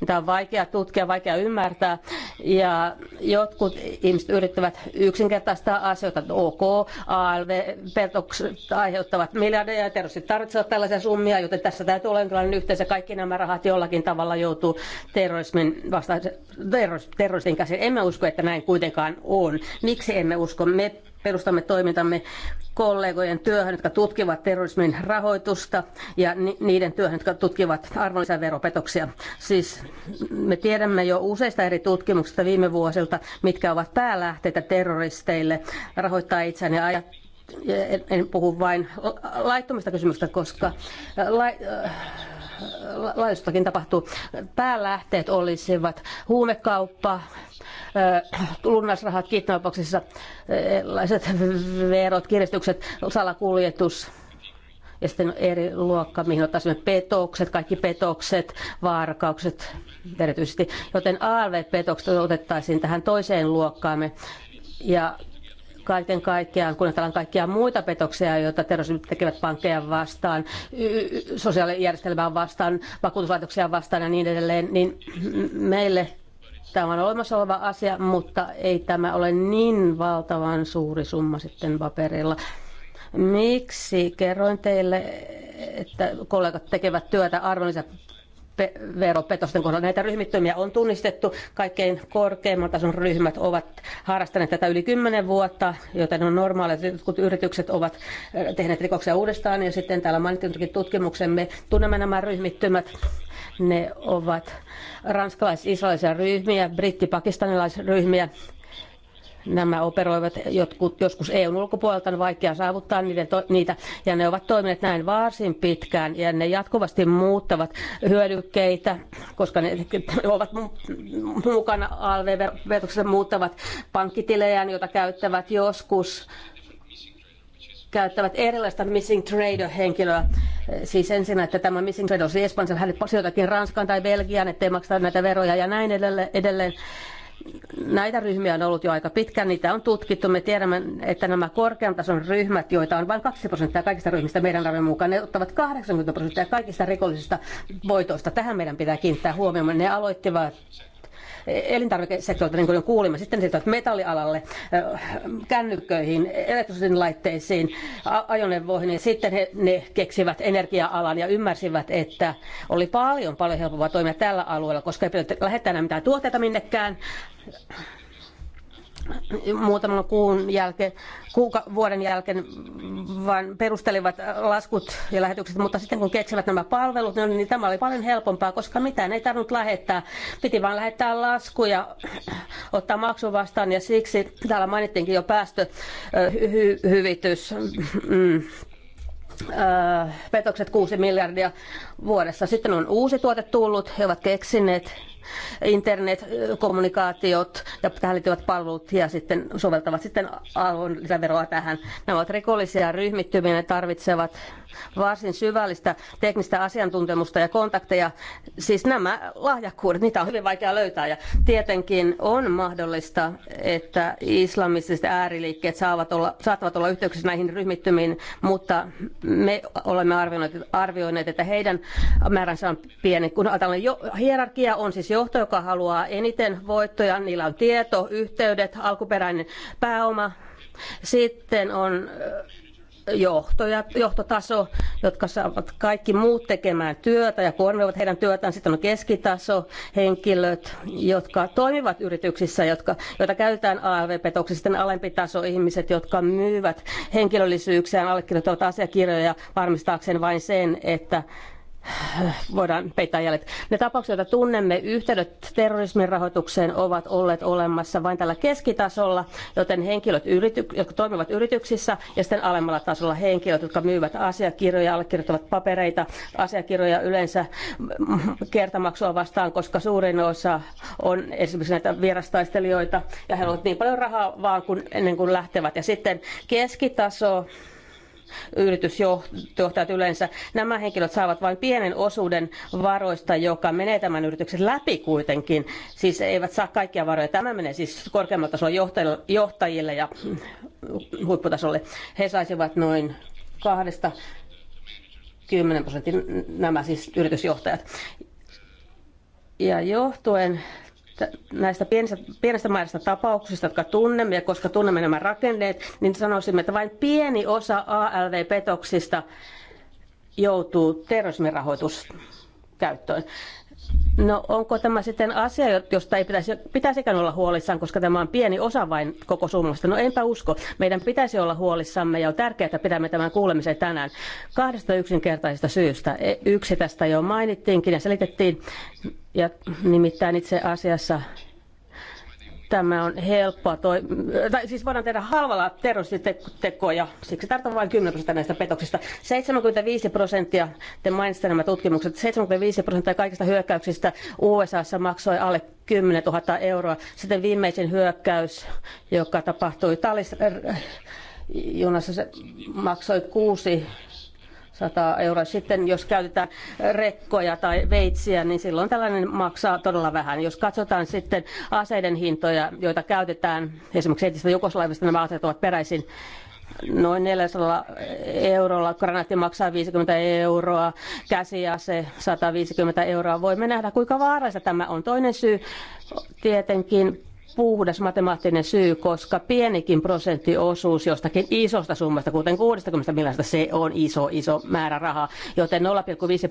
mitä on vaikea tutkia, vaikea ymmärtää. Ja jotkut ihmiset yrittävät yksinkertaistaa asioita, että ok, ALV-petokset aiheuttavat miljardeja ja terroristit tarvitsevat tällaisia summia, joten tässä täytyy olla jonkinlainen yhteensä. Kaikki nämä rahat jollakin tavalla joutuu terrorismin vastaan. terroristin käsiin. Emme usko, että näin kuitenkaan on. Miksi emme usko? Me perustamme toimintamme kollegojen työhön, jotka tutkivat terrorismin rahoitusta ja niiden työhön, jotka tutkivat arvonlisäveropetoksia. Siis me tiedämme jo useista eri tutkimuksista viime vuosilta, mitkä ovat päälähteitä terroristeille rahoittaa itseään ja ajat en puhu vain laittomista kysymyksistä, koska laajustakin tapahtuu. Päälähteet olisivat huumekauppa, lunnasrahat kidnappauksissa, erilaiset verot, kiristykset, salakuljetus, ja sitten eri luokka, mihin ottaisimme petokset, kaikki petokset, vaarakaukset erityisesti. Joten ALV-petokset otettaisiin tähän toiseen luokkaamme ja kaiken kaikkiaan, kun ajatellaan kaikkia muita petoksia, joita terrorismit tekevät pankkeja vastaan, sosiaalijärjestelmää vastaan, vakuutuslaitoksia vastaan ja niin edelleen, niin meille tämä on olemassa oleva asia, mutta ei tämä ole niin valtavan suuri summa sitten paperilla. Miksi kerroin teille, että kollegat tekevät työtä arvonlisä veropetosten kohdalla. Näitä ryhmittymiä on tunnistettu. Kaikkein korkeimman tason ryhmät ovat harrastaneet tätä yli kymmenen vuotta, joten on normaalia, että jotkut yritykset ovat äh, tehneet rikoksia uudestaan. Ja sitten täällä mainittiin tutkimuksemme, tunnemme nämä ryhmittymät. Ne ovat ranskalais-israelisia ryhmiä, britti-pakistanilaisryhmiä, nämä operoivat jotkut, joskus EUn ulkopuolelta, on vaikea saavuttaa niiden, to, niitä, ja ne ovat toimineet näin varsin pitkään, ja ne jatkuvasti muuttavat hyödykkeitä, koska ne ovat mukana ALV-verotuksessa, muuttavat pankkitilejä, joita käyttävät joskus, käyttävät erilaista missing trader-henkilöä. Siis ensin, että tämä missing trader siis Espanjassa, hän jotakin Ranskaan tai Belgiaan, ettei maksaa näitä veroja ja näin edelleen. edelleen näitä ryhmiä on ollut jo aika pitkään, niitä on tutkittu. Me tiedämme, että nämä korkean tason ryhmät, joita on vain 2 prosenttia kaikista ryhmistä meidän arvion mukaan, ne ottavat 80 prosenttia kaikista rikollisista voitoista. Tähän meidän pitää kiinnittää huomioon. Ne aloittivat elintarvikesektorilta, niin kuin kuulimme. Sitten siirtyvät metallialalle, kännyköihin, elektrisiin laitteisiin, ajoneuvoihin ja sitten he, ne keksivät energia-alan ja ymmärsivät, että oli paljon paljon helpompaa toimia tällä alueella, koska ei pitänyt lähettää enää mitään tuotteita minnekään muutaman kuun jälkeen, kuuka, vuoden jälkeen vain perustelivat laskut ja lähetykset, mutta sitten kun keksivät nämä palvelut, niin, niin tämä oli paljon helpompaa, koska mitään ei tarvinnut lähettää. Piti vain lähettää laskuja, ottaa maksu vastaan ja siksi täällä mainittiinkin jo päästöhyvitys. Hy- mm, petokset 6 miljardia vuodessa. Sitten on uusi tuote tullut, he ovat keksineet internetkommunikaatiot ja tähän liittyvät palvelut ja sitten soveltavat sitten arvonlisäveroa tähän. Nämä ovat rikollisia ryhmittymiä, ne tarvitsevat varsin syvällistä teknistä asiantuntemusta ja kontakteja. Siis nämä lahjakkuudet, niitä on hyvin vaikea löytää ja tietenkin on mahdollista, että islamistiset ääriliikkeet saavat olla, saattavat olla yhteyksissä näihin ryhmittymiin, mutta me olemme arvioineet, arvioineet että heidän määränsä on pieni. Kun ajatellaan, jo, hierarkia on siis johto, joka haluaa eniten voittoja, niillä on tieto, yhteydet, alkuperäinen pääoma, sitten on johtajat, johtotaso, jotka saavat kaikki muut tekemään työtä ja koordinoivat heidän työtään. Sitten on keskitaso, henkilöt, jotka toimivat yrityksissä, jotka, joita käytetään ALV-petoksi. Sitten alempi taso, ihmiset, jotka myyvät henkilöllisyyksiään, allekirjoittavat asiakirjoja varmistaakseen vain sen, että voidaan peittää jäljet. Ne tapaukset, joita tunnemme, yhteydet terrorismin rahoitukseen ovat olleet olemassa vain tällä keskitasolla, joten henkilöt, jotka toimivat yrityksissä, ja sitten alemmalla tasolla henkilöt, jotka myyvät asiakirjoja, allekirjoittavat papereita, asiakirjoja yleensä kertamaksua vastaan, koska suurin osa on esimerkiksi näitä vierastaistelijoita, ja he ovat niin paljon rahaa vaan kun, ennen kuin lähtevät. Ja sitten keskitaso yritysjohtajat yleensä, nämä henkilöt saavat vain pienen osuuden varoista, joka menee tämän yrityksen läpi kuitenkin. Siis eivät saa kaikkia varoja. Tämä menee siis korkeammalla tasolla johtajille ja huipputasolle. He saisivat noin kahdesta 10 prosentin nämä siis yritysjohtajat. Ja johtuen näistä pienistä, pienestä määrästä tapauksista, jotka tunnemme, ja koska tunnemme nämä rakenteet, niin sanoisimme, että vain pieni osa ALV-petoksista joutuu terrorismin No onko tämä sitten asia, josta ei pitäisi, pitäisikään olla huolissaan, koska tämä on pieni osa vain koko summasta? No enpä usko. Meidän pitäisi olla huolissamme ja on tärkeää, että pidämme tämän kuulemisen tänään. Kahdesta yksinkertaisesta syystä. E, yksi tästä jo mainittiinkin ja selitettiin. Ja nimittäin itse asiassa Tämä on helppoa, toi, tai siis voidaan tehdä halvalla terroristitekoja, siksi tartutaan vain 10 prosenttia näistä petoksista. 75 prosenttia, te mainitsitte nämä tutkimukset, 75 prosenttia kaikista hyökkäyksistä USAssa maksoi alle 10 000 euroa. Sitten viimeisin hyökkäys, joka tapahtui Talis äh, junassa, se maksoi 6 100 euroa. Sitten jos käytetään rekkoja tai veitsiä, niin silloin tällainen maksaa todella vähän. Jos katsotaan sitten aseiden hintoja, joita käytetään, esimerkiksi entistä Jugoslaavista nämä aseet ovat peräisin, noin 400 eurolla, granaatti maksaa 50 euroa, käsiase 150 euroa. Voimme nähdä, kuinka vaarallista tämä on. Toinen syy tietenkin puhdas matemaattinen syy, koska pienikin prosenttiosuus jostakin isosta summasta, kuten 60 miljardista, se on iso, iso määrä rahaa. Joten 0,5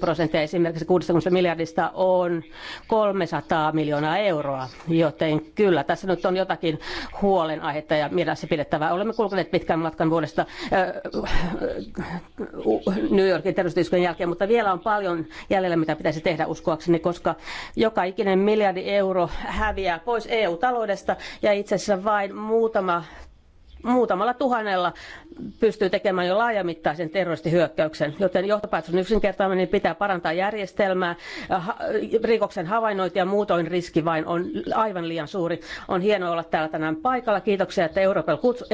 prosenttia esimerkiksi 60 miljardista on 300 miljoonaa euroa. Joten kyllä, tässä nyt on jotakin huolenaihetta ja mielessä pidettävää. Olemme kulkeneet pitkän matkan vuodesta äh, New Yorkin terroristiskun jälkeen, mutta vielä on paljon jäljellä, mitä pitäisi tehdä uskoakseni, koska joka ikinen miljardi euro häviää pois EU-talouden vuodesta ja itse asiassa vain muutama muutamalla tuhannella pystyy tekemään jo laajamittaisen terroristihyökkäyksen. Joten johtopäätös on yksinkertainen, niin pitää parantaa järjestelmää, rikoksen havainnointi ja muutoin riski vain on aivan liian suuri. On hienoa olla täällä tänään paikalla. Kiitoksia, että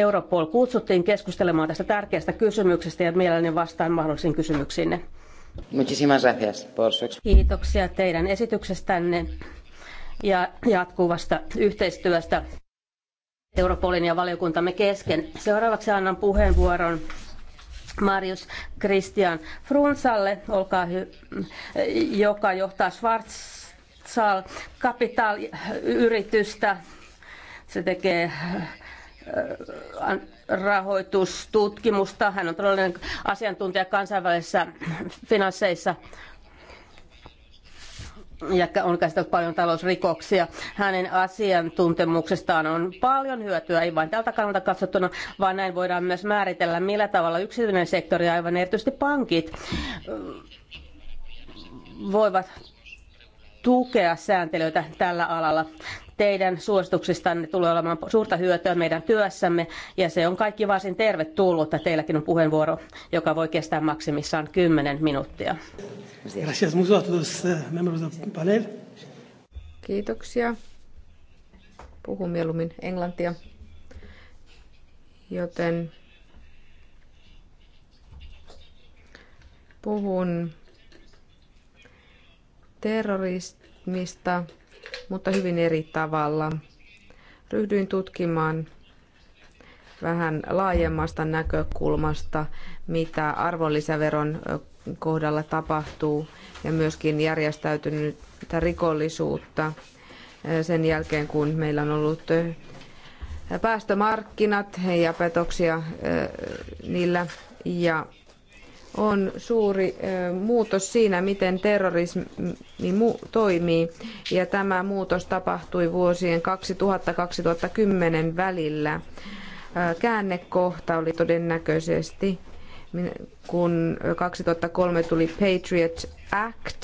Europol, kutsuttiin keskustelemaan tästä tärkeästä kysymyksestä ja mielelläni vastaan mahdollisiin kysymyksiinne. Kiitoksia teidän esityksestänne ja jatkuvasta yhteistyöstä Europolin ja valiokuntamme kesken. Seuraavaksi annan puheenvuoron Marius Christian Frunsalle, olkaa hy- joka johtaa Schwarzschild Capital-yritystä. Se tekee äh, rahoitustutkimusta. Hän on todellinen asiantuntija kansainvälisissä finansseissa ja on käsitellyt paljon talousrikoksia. Hänen asiantuntemuksestaan on paljon hyötyä, ei vain tältä kannalta katsottuna, vaan näin voidaan myös määritellä, millä tavalla yksityinen sektori, aivan erityisesti pankit, äh, voivat tukea sääntelyitä tällä alalla. Teidän suosituksistanne tulee olemaan suurta hyötyä meidän työssämme ja se on kaikki varsin tervetullutta. Teilläkin on puheenvuoro, joka voi kestää maksimissaan 10 minuuttia. Eh, Kiitoksia. Puhun mieluummin englantia. Joten puhun terrorismista mutta hyvin eri tavalla. Ryhdyin tutkimaan vähän laajemmasta näkökulmasta, mitä arvonlisäveron kohdalla tapahtuu ja myöskin järjestäytynyttä rikollisuutta sen jälkeen, kun meillä on ollut päästömarkkinat ja petoksia niillä ja on suuri muutos siinä, miten terrorismi toimii, ja tämä muutos tapahtui vuosien 2000-2010 välillä. Käännekohta oli todennäköisesti, kun 2003 tuli Patriot Act.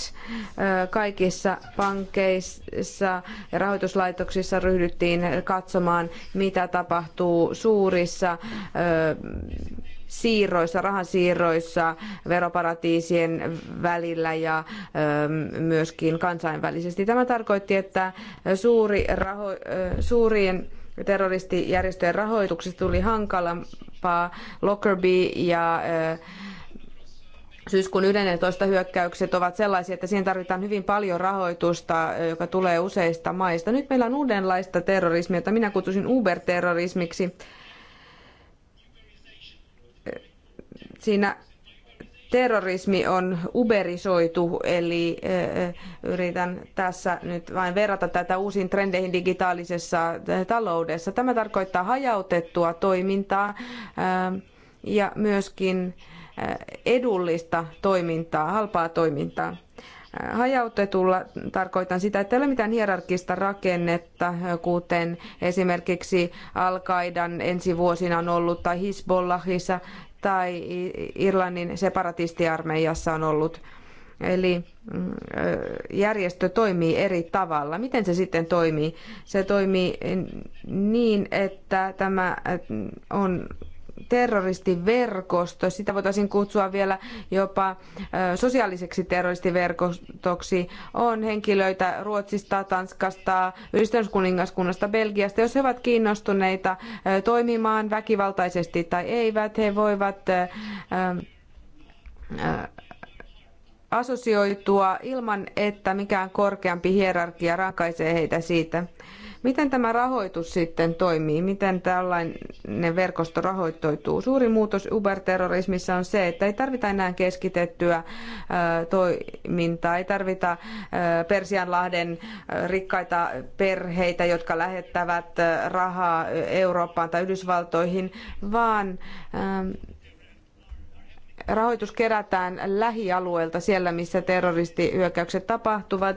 Kaikissa pankeissa ja rahoituslaitoksissa ryhdyttiin katsomaan, mitä tapahtuu suurissa siirroissa, rahansiirroissa veroparatiisien välillä ja ähm, myöskin kansainvälisesti. Tämä tarkoitti, että suuri raho, äh, suurien terroristijärjestöjen rahoituksesta tuli hankalampaa. Lockerbie ja äh, syyskuun 11 hyökkäykset ovat sellaisia, että siihen tarvitaan hyvin paljon rahoitusta, äh, joka tulee useista maista. Nyt meillä on uudenlaista terrorismia, jota minä kutsuisin uberterrorismiksi. terrorismiksi Siinä terrorismi on uberisoitu, eli eh, yritän tässä nyt vain verrata tätä uusiin trendeihin digitaalisessa eh, taloudessa. Tämä tarkoittaa hajautettua toimintaa eh, ja myöskin edullista toimintaa, halpaa toimintaa. Hajautetulla tarkoitan sitä, että ei ole mitään hierarkista rakennetta, kuten esimerkiksi Al-Qaidan ensi vuosina on ollut tai Hisbollahissa tai Irlannin separatistiarmeijassa on ollut. Eli mm, järjestö toimii eri tavalla. Miten se sitten toimii? Se toimii mm, niin, että tämä mm, on terroristiverkosto. Sitä voitaisiin kutsua vielä jopa sosiaaliseksi terroristiverkostoksi. On henkilöitä Ruotsista, Tanskasta, Yhdistyskuningaskunnasta, Belgiasta. Jos he ovat kiinnostuneita toimimaan väkivaltaisesti tai eivät, he voivat asosioitua ilman, että mikään korkeampi hierarkia rankaisee heitä siitä. Miten tämä rahoitus sitten toimii? Miten tällainen verkosto rahoittoituu? Suuri muutos Uber-terrorismissa on se, että ei tarvita enää keskitettyä toimintaa, ei tarvita Persianlahden rikkaita perheitä, jotka lähettävät rahaa Eurooppaan tai Yhdysvaltoihin, vaan rahoitus kerätään lähialueelta siellä, missä terroristihyökkäykset tapahtuvat.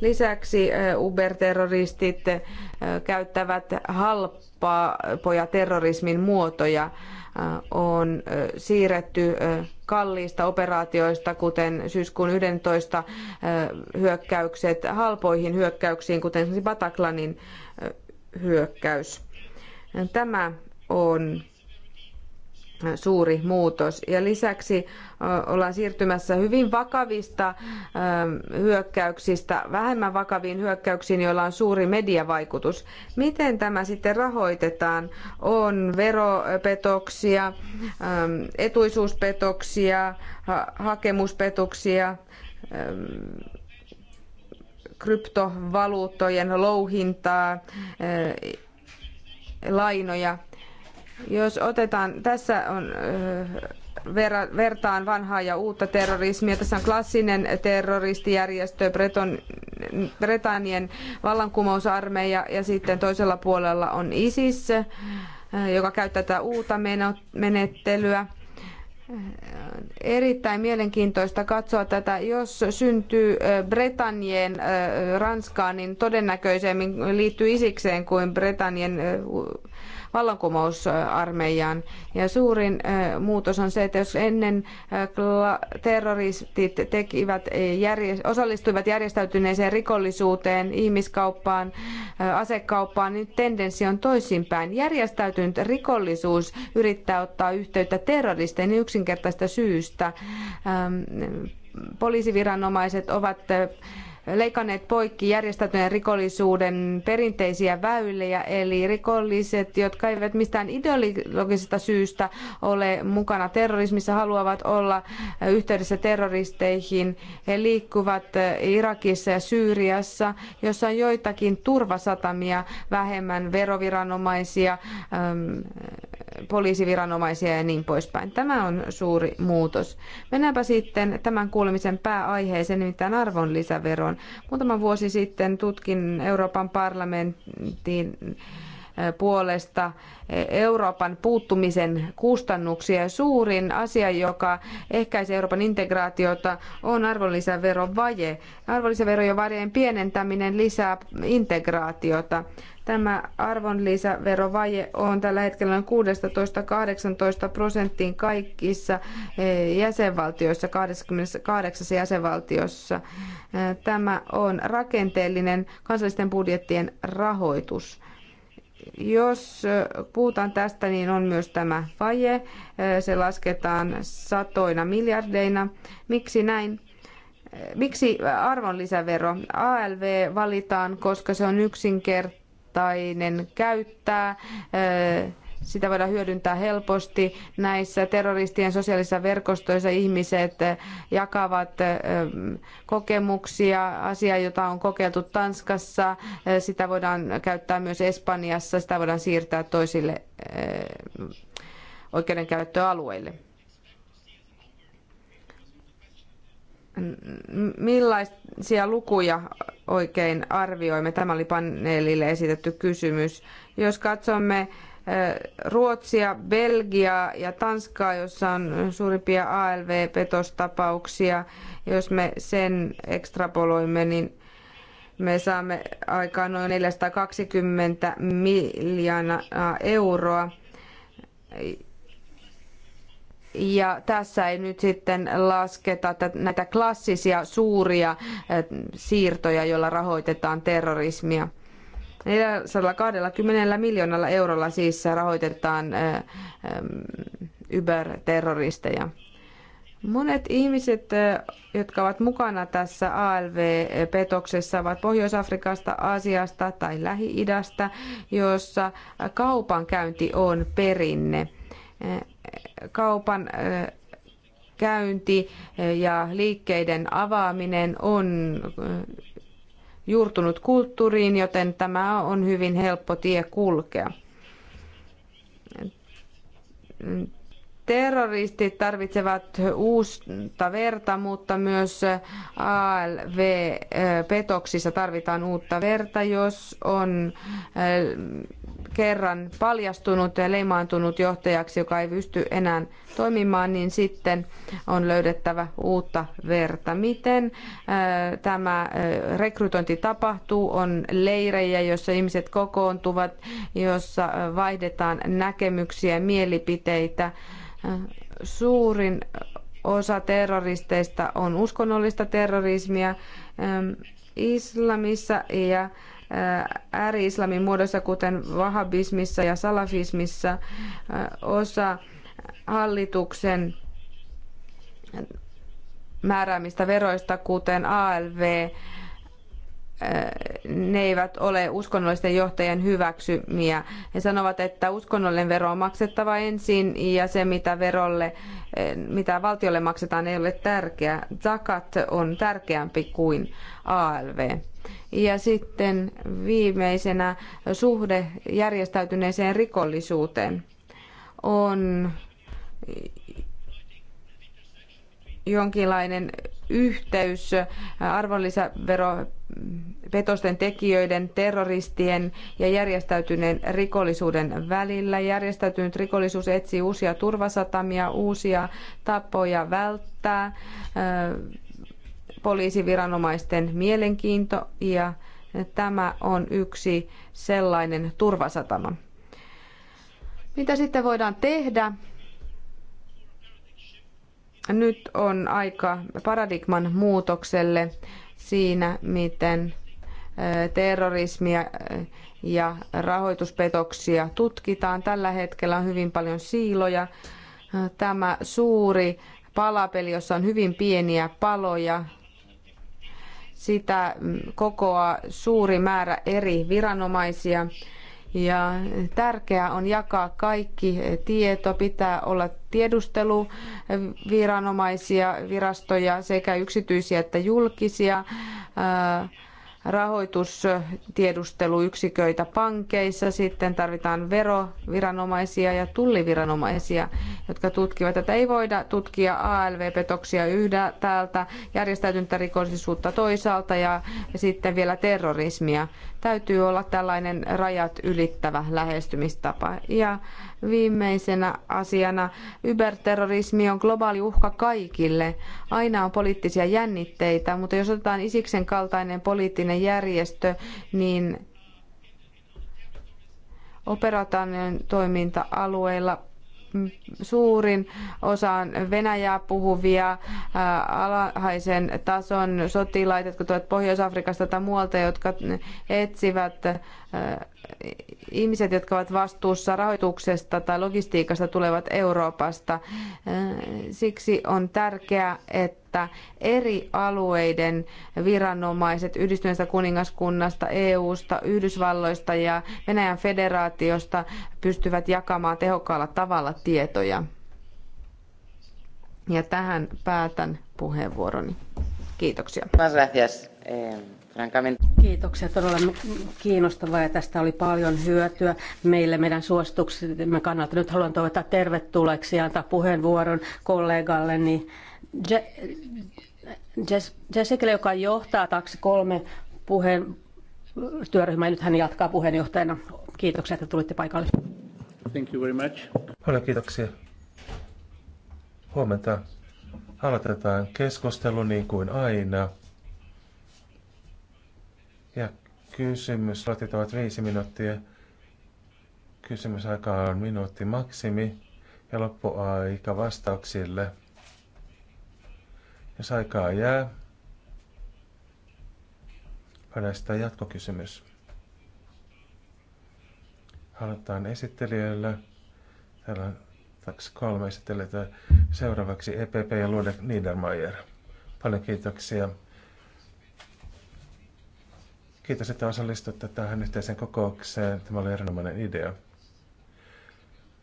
Lisäksi Uber-terroristit käyttävät halpaa terrorismin muotoja on siirretty kalliista operaatioista, kuten syyskuun 11 hyökkäykset, halpoihin hyökkäyksiin, kuten esimerkiksi Bataklanin hyökkäys. Tämä on suuri muutos. Ja lisäksi ollaan siirtymässä hyvin vakavista hyökkäyksistä vähemmän vakaviin hyökkäyksiin, joilla on suuri mediavaikutus. Miten tämä sitten rahoitetaan? On veropetoksia, etuisuuspetoksia, hakemuspetoksia, kryptovaluuttojen louhintaa, lainoja jos otetaan, tässä on ver, vertaan vanhaa ja uutta terrorismia. Tässä on klassinen terroristijärjestö, Breton, Bretanien vallankumousarmeija ja sitten toisella puolella on ISIS, joka käyttää tätä uutta menettelyä. Erittäin mielenkiintoista katsoa tätä. Jos syntyy Bretanien Ranskaan, niin todennäköisemmin liittyy isikseen kuin Bretanien vallankumousarmeijaan. Ja suurin muutos on se, että jos ennen terroristit tekivät, e, osallistuivat järjestäytyneeseen rikollisuuteen, ihmiskauppaan, asekauppaan, niin tendenssi on toisinpäin. Järjestäytynyt rikollisuus yrittää ottaa yhteyttä terroristeihin yksinkertaista syystä poliisiviranomaiset ovat leikanneet poikki järjestäytyneen rikollisuuden perinteisiä väyliä, eli rikolliset, jotka eivät mistään ideologisesta syystä ole mukana terrorismissa, haluavat olla yhteydessä terroristeihin. He liikkuvat Irakissa ja Syyriassa, jossa on joitakin turvasatamia, vähemmän veroviranomaisia, poliisiviranomaisia ja niin poispäin. Tämä on suuri muutos. Mennäänpä sitten tämän kuulemisen pääaiheeseen, nimittäin arvonlisäveron. Muutama vuosi sitten tutkin Euroopan parlamentin eh, puolesta eh, Euroopan puuttumisen kustannuksia. Suurin asia, joka ehkäisee Euroopan integraatiota, on arvonlisäveron vaje. Arvonlisäverojen vajeen pienentäminen lisää integraatiota. Tämä arvonlisäverovaje on tällä hetkellä noin 16-18 prosenttiin kaikissa eh, jäsenvaltioissa, 28 jäsenvaltiossa. Eh, tämä on rakenteellinen kansallisten budjettien rahoitus. Jos eh, puhutaan tästä, niin on myös tämä vaje. Se lasketaan satoina miljardeina. Miksi näin? Miksi arvonlisävero? ALV valitaan, koska se on yksinkertainen valtainen käyttää. Sitä voidaan hyödyntää helposti. Näissä terroristien sosiaalisissa verkostoissa ihmiset jakavat kokemuksia, asiaa, jota on kokeiltu Tanskassa. Sitä voidaan käyttää myös Espanjassa, sitä voidaan siirtää toisille oikeudenkäyttöalueille. millaisia lukuja oikein arvioimme? Tämä oli paneelille esitetty kysymys. Jos katsomme eh, Ruotsia, Belgiaa ja Tanskaa, jossa on suurimpia ALV-petostapauksia, jos me sen ekstrapoloimme, niin me saamme aikaan noin 420 miljoonaa euroa ja tässä ei nyt sitten lasketa näitä klassisia suuria siirtoja, joilla rahoitetaan terrorismia. 420 miljoonalla eurolla siis rahoitetaan Uber-terroristeja. Monet ihmiset, jotka ovat mukana tässä ALV-petoksessa, ovat Pohjois-Afrikasta, Aasiasta tai Lähi-idästä, jossa kaupankäynti on perinne kaupan käynti ja liikkeiden avaaminen on juurtunut kulttuuriin, joten tämä on hyvin helppo tie kulkea. Terroristit tarvitsevat uutta verta, mutta myös ALV-petoksissa tarvitaan uutta verta, jos on kerran paljastunut ja leimaantunut johtajaksi, joka ei pysty enää toimimaan, niin sitten on löydettävä uutta verta. Miten äh, tämä äh, rekrytointi tapahtuu? On leirejä, joissa ihmiset kokoontuvat, joissa äh, vaihdetaan näkemyksiä, mielipiteitä. Suurin osa terroristeista on uskonnollista terrorismia ähm, islamissa ja ääri-islamin muodossa, kuten vahabismissa ja salafismissa, osa hallituksen määräämistä veroista, kuten ALV, ne eivät ole uskonnollisten johtajien hyväksymiä. He sanovat, että uskonnollinen vero on maksettava ensin ja se, mitä, verolle, mitä valtiolle maksetaan, ei ole tärkeä. Zakat on tärkeämpi kuin ALV. Ja sitten viimeisenä suhde järjestäytyneeseen rikollisuuteen on jonkinlainen yhteys arvonlisäveropetosten tekijöiden, terroristien ja järjestäytyneen rikollisuuden välillä. Järjestäytynyt rikollisuus etsii uusia turvasatamia, uusia tapoja välttää poliisiviranomaisten mielenkiinto ja tämä on yksi sellainen turvasatama. Mitä sitten voidaan tehdä? nyt on aika paradigman muutokselle siinä, miten terrorismia ja rahoituspetoksia tutkitaan. Tällä hetkellä on hyvin paljon siiloja. Tämä suuri palapeli, jossa on hyvin pieniä paloja, sitä kokoaa suuri määrä eri viranomaisia ja tärkeää on jakaa kaikki tieto, pitää olla tiedusteluviranomaisia, virastoja sekä yksityisiä että julkisia äh, rahoitustiedusteluyksiköitä pankeissa, sitten tarvitaan veroviranomaisia ja tulliviranomaisia, jotka tutkivat. Tätä ei voida tutkia ALV-petoksia yhdä täältä, järjestäytyntä rikollisuutta toisaalta ja sitten vielä terrorismia. Täytyy olla tällainen rajat ylittävä lähestymistapa. Ja viimeisenä asiana yberterrorismi on globaali uhka kaikille. Aina on poliittisia jännitteitä, mutta jos otetaan Isiksen kaltainen poliittinen järjestö, niin operaation toiminta-alueilla suurin osa on Venäjää puhuvia äh, alhaisen tason sotilaita, jotka tulevat Pohjois-Afrikasta tai muualta, jotka etsivät äh, ihmiset, jotka ovat vastuussa rahoituksesta tai logistiikasta, tulevat Euroopasta. Äh, siksi on tärkeää, että että eri alueiden viranomaiset yhdistyneestä kuningaskunnasta, EU-sta, Yhdysvalloista ja Venäjän federaatiosta pystyvät jakamaan tehokkaalla tavalla tietoja. Ja tähän päätän puheenvuoroni. Kiitoksia. Eh, Kiitoksia, todella kiinnostavaa ja tästä oli paljon hyötyä meille meidän suosituksemme kannalta. Nyt haluan toivottaa tervetulleeksi ja antaa puheenvuoron kollegalleni Jessica, joka johtaa taksi kolme puheen työryhmää, nyt hän jatkaa puheenjohtajana. Kiitoksia, että tulitte paikalle. Thank you very much. Paljon kiitoksia. Huomenta. Aloitetaan keskustelu niin kuin aina. Ja kysymys, lotit ovat viisi minuuttia. Kysymysaika on minuutti maksimi ja loppuaika vastauksille jos aikaa jää, päästään jatkokysymys. Halutaan esittelijöillä. Täällä on taksi kolme esittelijöitä. Seuraavaksi EPP ja Luode Niedermayer. Paljon kiitoksia. Kiitos, että osallistutte tähän yhteiseen kokoukseen. Tämä oli erinomainen idea.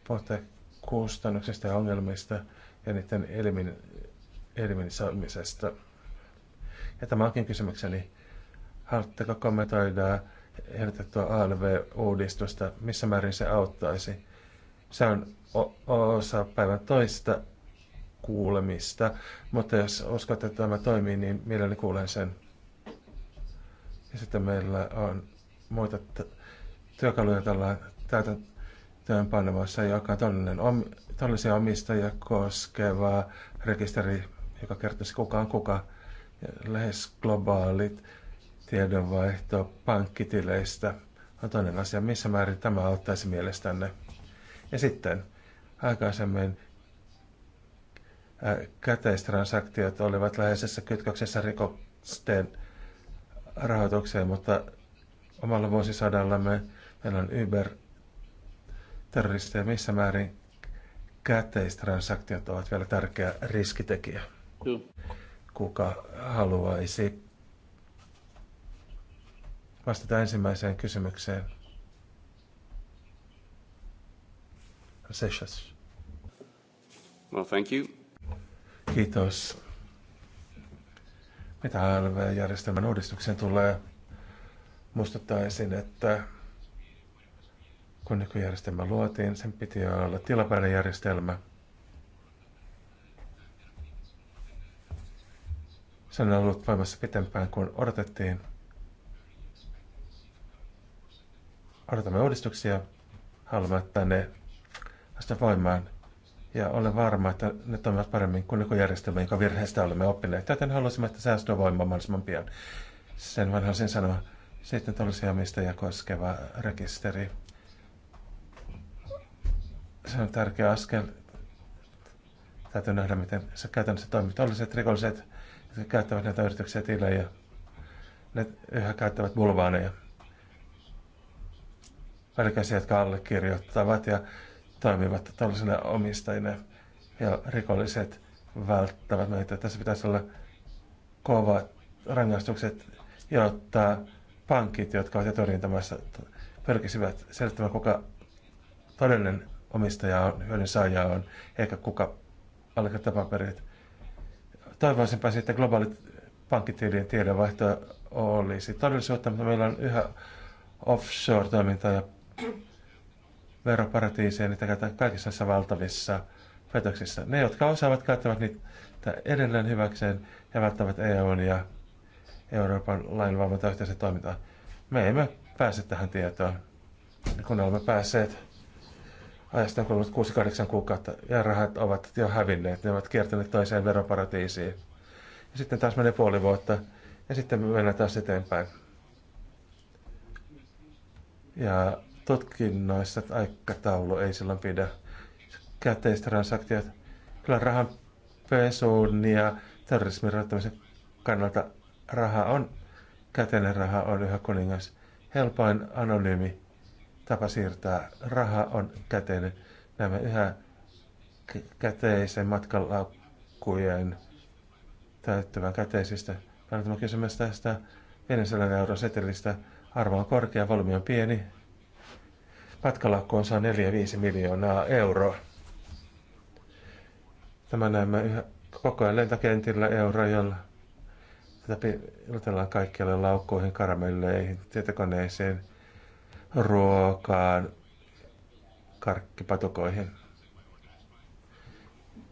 Puhutte kustannuksista ja ongelmista ja niiden elimin elimin saamisesta. Ja tämä onkin kysymykseni. Haluatteko kommentoida ehdotettua ALV-uudistusta, missä määrin se auttaisi? Se on osa päivän toista kuulemista, mutta jos uskot, että tämä toimii, niin mielelläni kuulen sen. Ja sitten meillä on muita työkaluja tällä työn panemassa, joka on todellinen om- todellisia omistajia koskeva rekisteri joka kertoisi kukaan kuka. Lähes globaalit tiedonvaihto pankkitileistä on toinen asia. Missä määrin tämä auttaisi mielestänne? Ja sitten aikaisemmin äh, käteistransaktiot olivat läheisessä kytköksessä rikosten rahoitukseen, mutta omalla vuosisadallamme meillä on Uber terroristeja, missä määrin käteistransaktiot ovat vielä tärkeä riskitekijä. Kuka haluaisi vastata ensimmäiseen kysymykseen? Sessions. Well, thank you. Kiitos. Mitä ALV-järjestelmän uudistukseen tulee, muistuttaisin, että kun nykyjärjestelmä luotiin, sen piti olla tilapäinen järjestelmä – Se on ollut voimassa pitempään kuin odotettiin. Odotamme uudistuksia, haluamme, että ne vasta voimaan. Ja olen varma, että ne toimivat paremmin kuin nykyjärjestelmä, jonka virheestä olemme oppineet. Joten haluaisimme, että astuu voimaan mahdollisimman pian. Sen vain haluaisin sanoa. Sitten tulisi omistajia koskeva rekisteri. Se on tärkeä askel. Täytyy nähdä, miten se käytännössä toimii. Tolliset rikolliset käyttävät näitä yrityksiä tilejä. Ne yhä käyttävät bulvaaneja. Välikäisiä, jotka allekirjoittavat ja toimivat tällaisina omistajina. Ja rikolliset välttävät meitä. Tässä pitäisi olla kovat rangaistukset, jotta pankit, jotka ovat torjuntamassa, pyrkisivät selittämään, kuka todellinen omistaja on, hyödyn saaja on, eikä kuka allekirjoittaa paperit toivoisinpa sitten globaalit pankkitilien tiedonvaihto olisi todellisuutta, mutta meillä on yhä offshore-toimintaa ja veroparatiiseja, niitä käytetään kaikissa näissä valtavissa petoksissa. Ne, jotka osaavat, käyttävät niitä edelleen hyväkseen ja välttävät EUn ja Euroopan lainvalvontayhteisön toimintaa. Me emme pääse tähän tietoon, kun olemme päässeet ajasta on kulunut 6-8 kuukautta ja rahat ovat jo hävinneet. Ne ovat kiertäneet toiseen veroparatiisiin. Ja sitten taas menee puoli vuotta ja sitten me mennään taas eteenpäin. Ja tutkinnoissa aikataulu ei silloin pidä. transaktiot, kyllä rahan pesuun ja terrorismin rahoittamisen kannalta raha on, käteinen raha on yhä kuningas. Helpoin, anonyymi tapa siirtää raha on käteinen. Näemme yhä käteisen matkalaukkujen täyttävän käteisistä. Kannatamme kysymys tästä 400 euron setelistä. Arvo on korkea, volyymi on pieni. Matkalaukku on saa 4-5 miljoonaa euroa. Tämä näemme yhä koko ajan lentokentillä eurojolla. Tätä pilotellaan kaikkialle laukkuihin, karamelleihin, tietokoneeseen, ruokaan, karkkipatukoihin.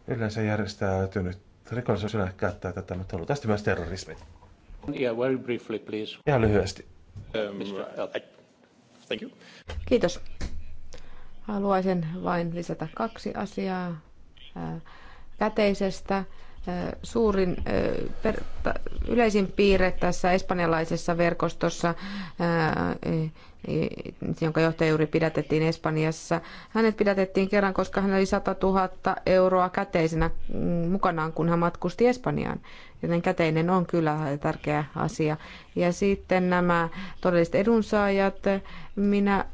Yleensä järjestäytynyt rikollisuus yleensä käyttää tätä, mutta luultavasti myös terrorismi. Yeah, very briefly, please. Ihan lyhyesti. Um, thank you. Kiitos. Haluaisin vain lisätä kaksi asiaa käteisestä suurin yleisin piirre tässä espanjalaisessa verkostossa jonka johtaja juuri pidätettiin Espanjassa. Hänet pidätettiin kerran, koska hän oli 100 000 euroa käteisenä mm, mukanaan, kun hän matkusti Espanjaan. Joten käteinen on kyllä tärkeä asia. Ja sitten nämä todelliset edunsaajat. Minä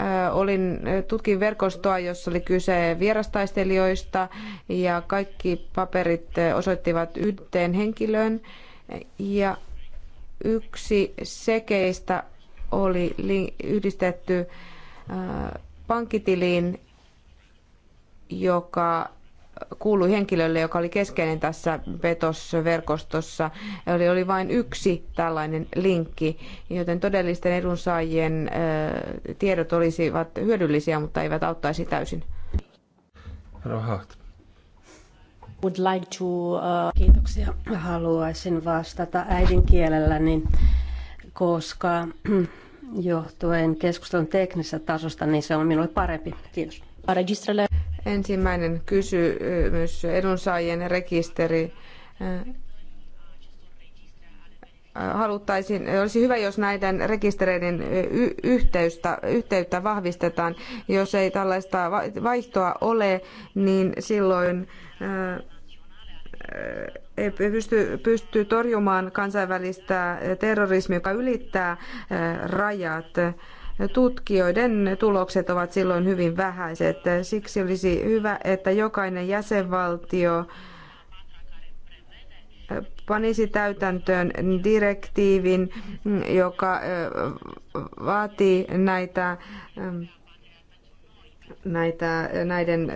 äh, olin, äh, tutkin verkostoa, jossa oli kyse vierastaistelijoista ja kaikki paperit äh, osoittivat yhteen henkilöön. Ja Yksi sekeistä oli yhdistetty pankkitiliin, joka kuului henkilölle, joka oli keskeinen tässä petosverkostossa. Eli oli vain yksi tällainen linkki, joten todellisten edunsaajien tiedot olisivat hyödyllisiä, mutta eivät auttaisi täysin. Rahat. Would like to, uh... Kiitoksia. Haluaisin vastata äidinkielelläni, koska johtuen keskustelun teknisestä tasosta, niin se on minulle parempi. Kiitos. Ensimmäinen kysymys, edunsaajien rekisteri äh, Haluttaisin, olisi hyvä, jos näiden rekistereiden yhteystä, yhteyttä vahvistetaan. Jos ei tällaista vaihtoa ole, niin silloin äh, ei pysty, pysty torjumaan kansainvälistä terrorismia, joka ylittää äh, rajat. Tutkijoiden tulokset ovat silloin hyvin vähäiset. Siksi olisi hyvä, että jokainen jäsenvaltio äh, panisi täytäntöön direktiivin, joka äh, vaatii näitä, näitä näiden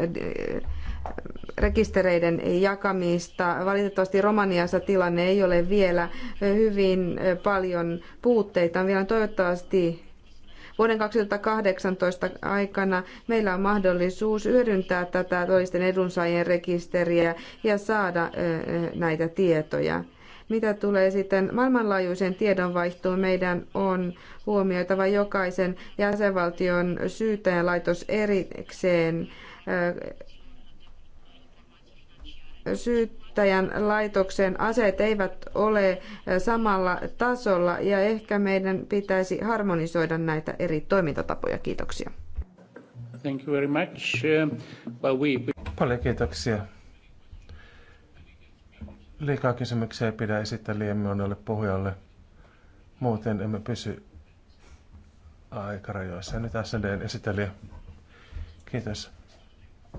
rekistereiden jakamista. Valitettavasti Romaniassa tilanne ei ole vielä hyvin paljon puutteita. Vielä toivottavasti vuoden 2018 aikana meillä on mahdollisuus hyödyntää tätä toisten edunsaajien rekisteriä ja saada näitä tietoja. Mitä tulee sitten maailmanlaajuiseen tiedonvaihtoon, meidän on huomioitava jokaisen jäsenvaltion syyttäjän laitos erikseen syyttäjän laitoksen aseet eivät ole eh, samalla tasolla ja ehkä meidän pitäisi harmonisoida näitä eri toimintatapoja. Kiitoksia. Thank you very much. Eh, well, we... Paljon kiitoksia. Liikaa kysymyksiä ei pidä esittää liian monelle puhujalle. Muuten emme pysy aikarajoissa. Nyt SNDn esittelijä. Kiitos.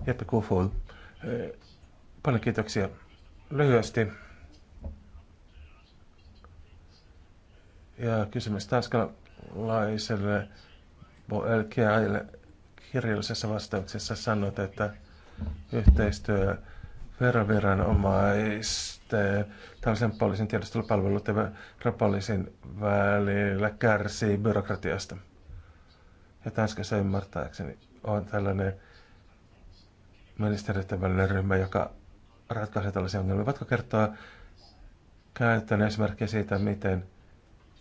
Jeppe Kuful eh, Paljon kiitoksia. Lyhyesti. Ja kysymys tanskalaiselle Boelkiaille kirjallisessa vastauksessa sanot, että yhteistyö veroviranomaisten, tällaisen poliisin tiedustelupalvelut ja veropoliisin välillä kärsii byrokratiasta. Ja Tanskassa ymmärtääkseni on tällainen ministeriöiden välinen ryhmä, joka ratkaisee tällaisia ongelmia. Voitko kertoa käytännön esimerkkejä siitä, miten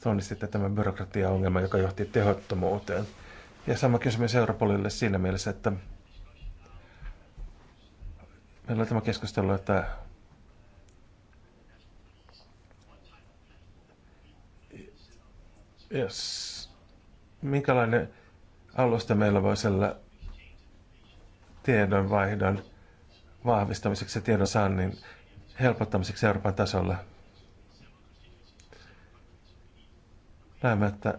tunnistitte tämän byrokratiaongelman, joka johti tehottomuuteen? Ja sama kysymys Europolille siinä mielessä, että meillä on tämä keskustelu, että jos, minkälainen alusta meillä voi olla tiedonvaihdon vahvistamiseksi ja tiedonsaannin helpottamiseksi Euroopan tasolla. Näemme, että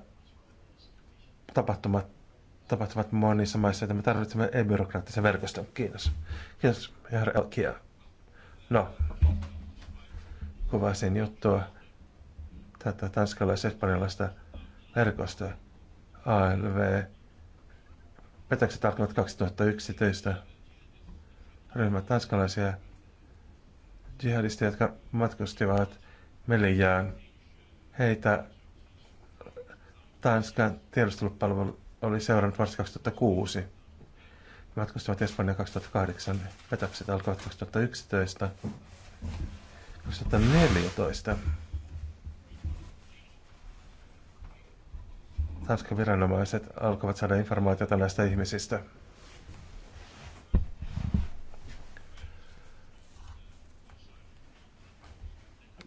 tapahtumat tapahtuvat monissa maissa, että me tarvitsemme e byrokraattisen verkoston. Kiitos. Kiitos, Jari Elkia. No, kuvasin juttua tätä tanskalais-espanjalaista verkostoa. ALV. Petokset alkoivat 2011 ryhmä tanskalaisia jihadisteja, jotka matkustivat Melijaan. Heitä Tanskan tiedustelupalvelu oli seurannut vuosi 2006. Matkustivat Espanjaan 2008. Petokset alkoivat 2011. 2014. Tanskan viranomaiset alkoivat saada informaatiota näistä ihmisistä.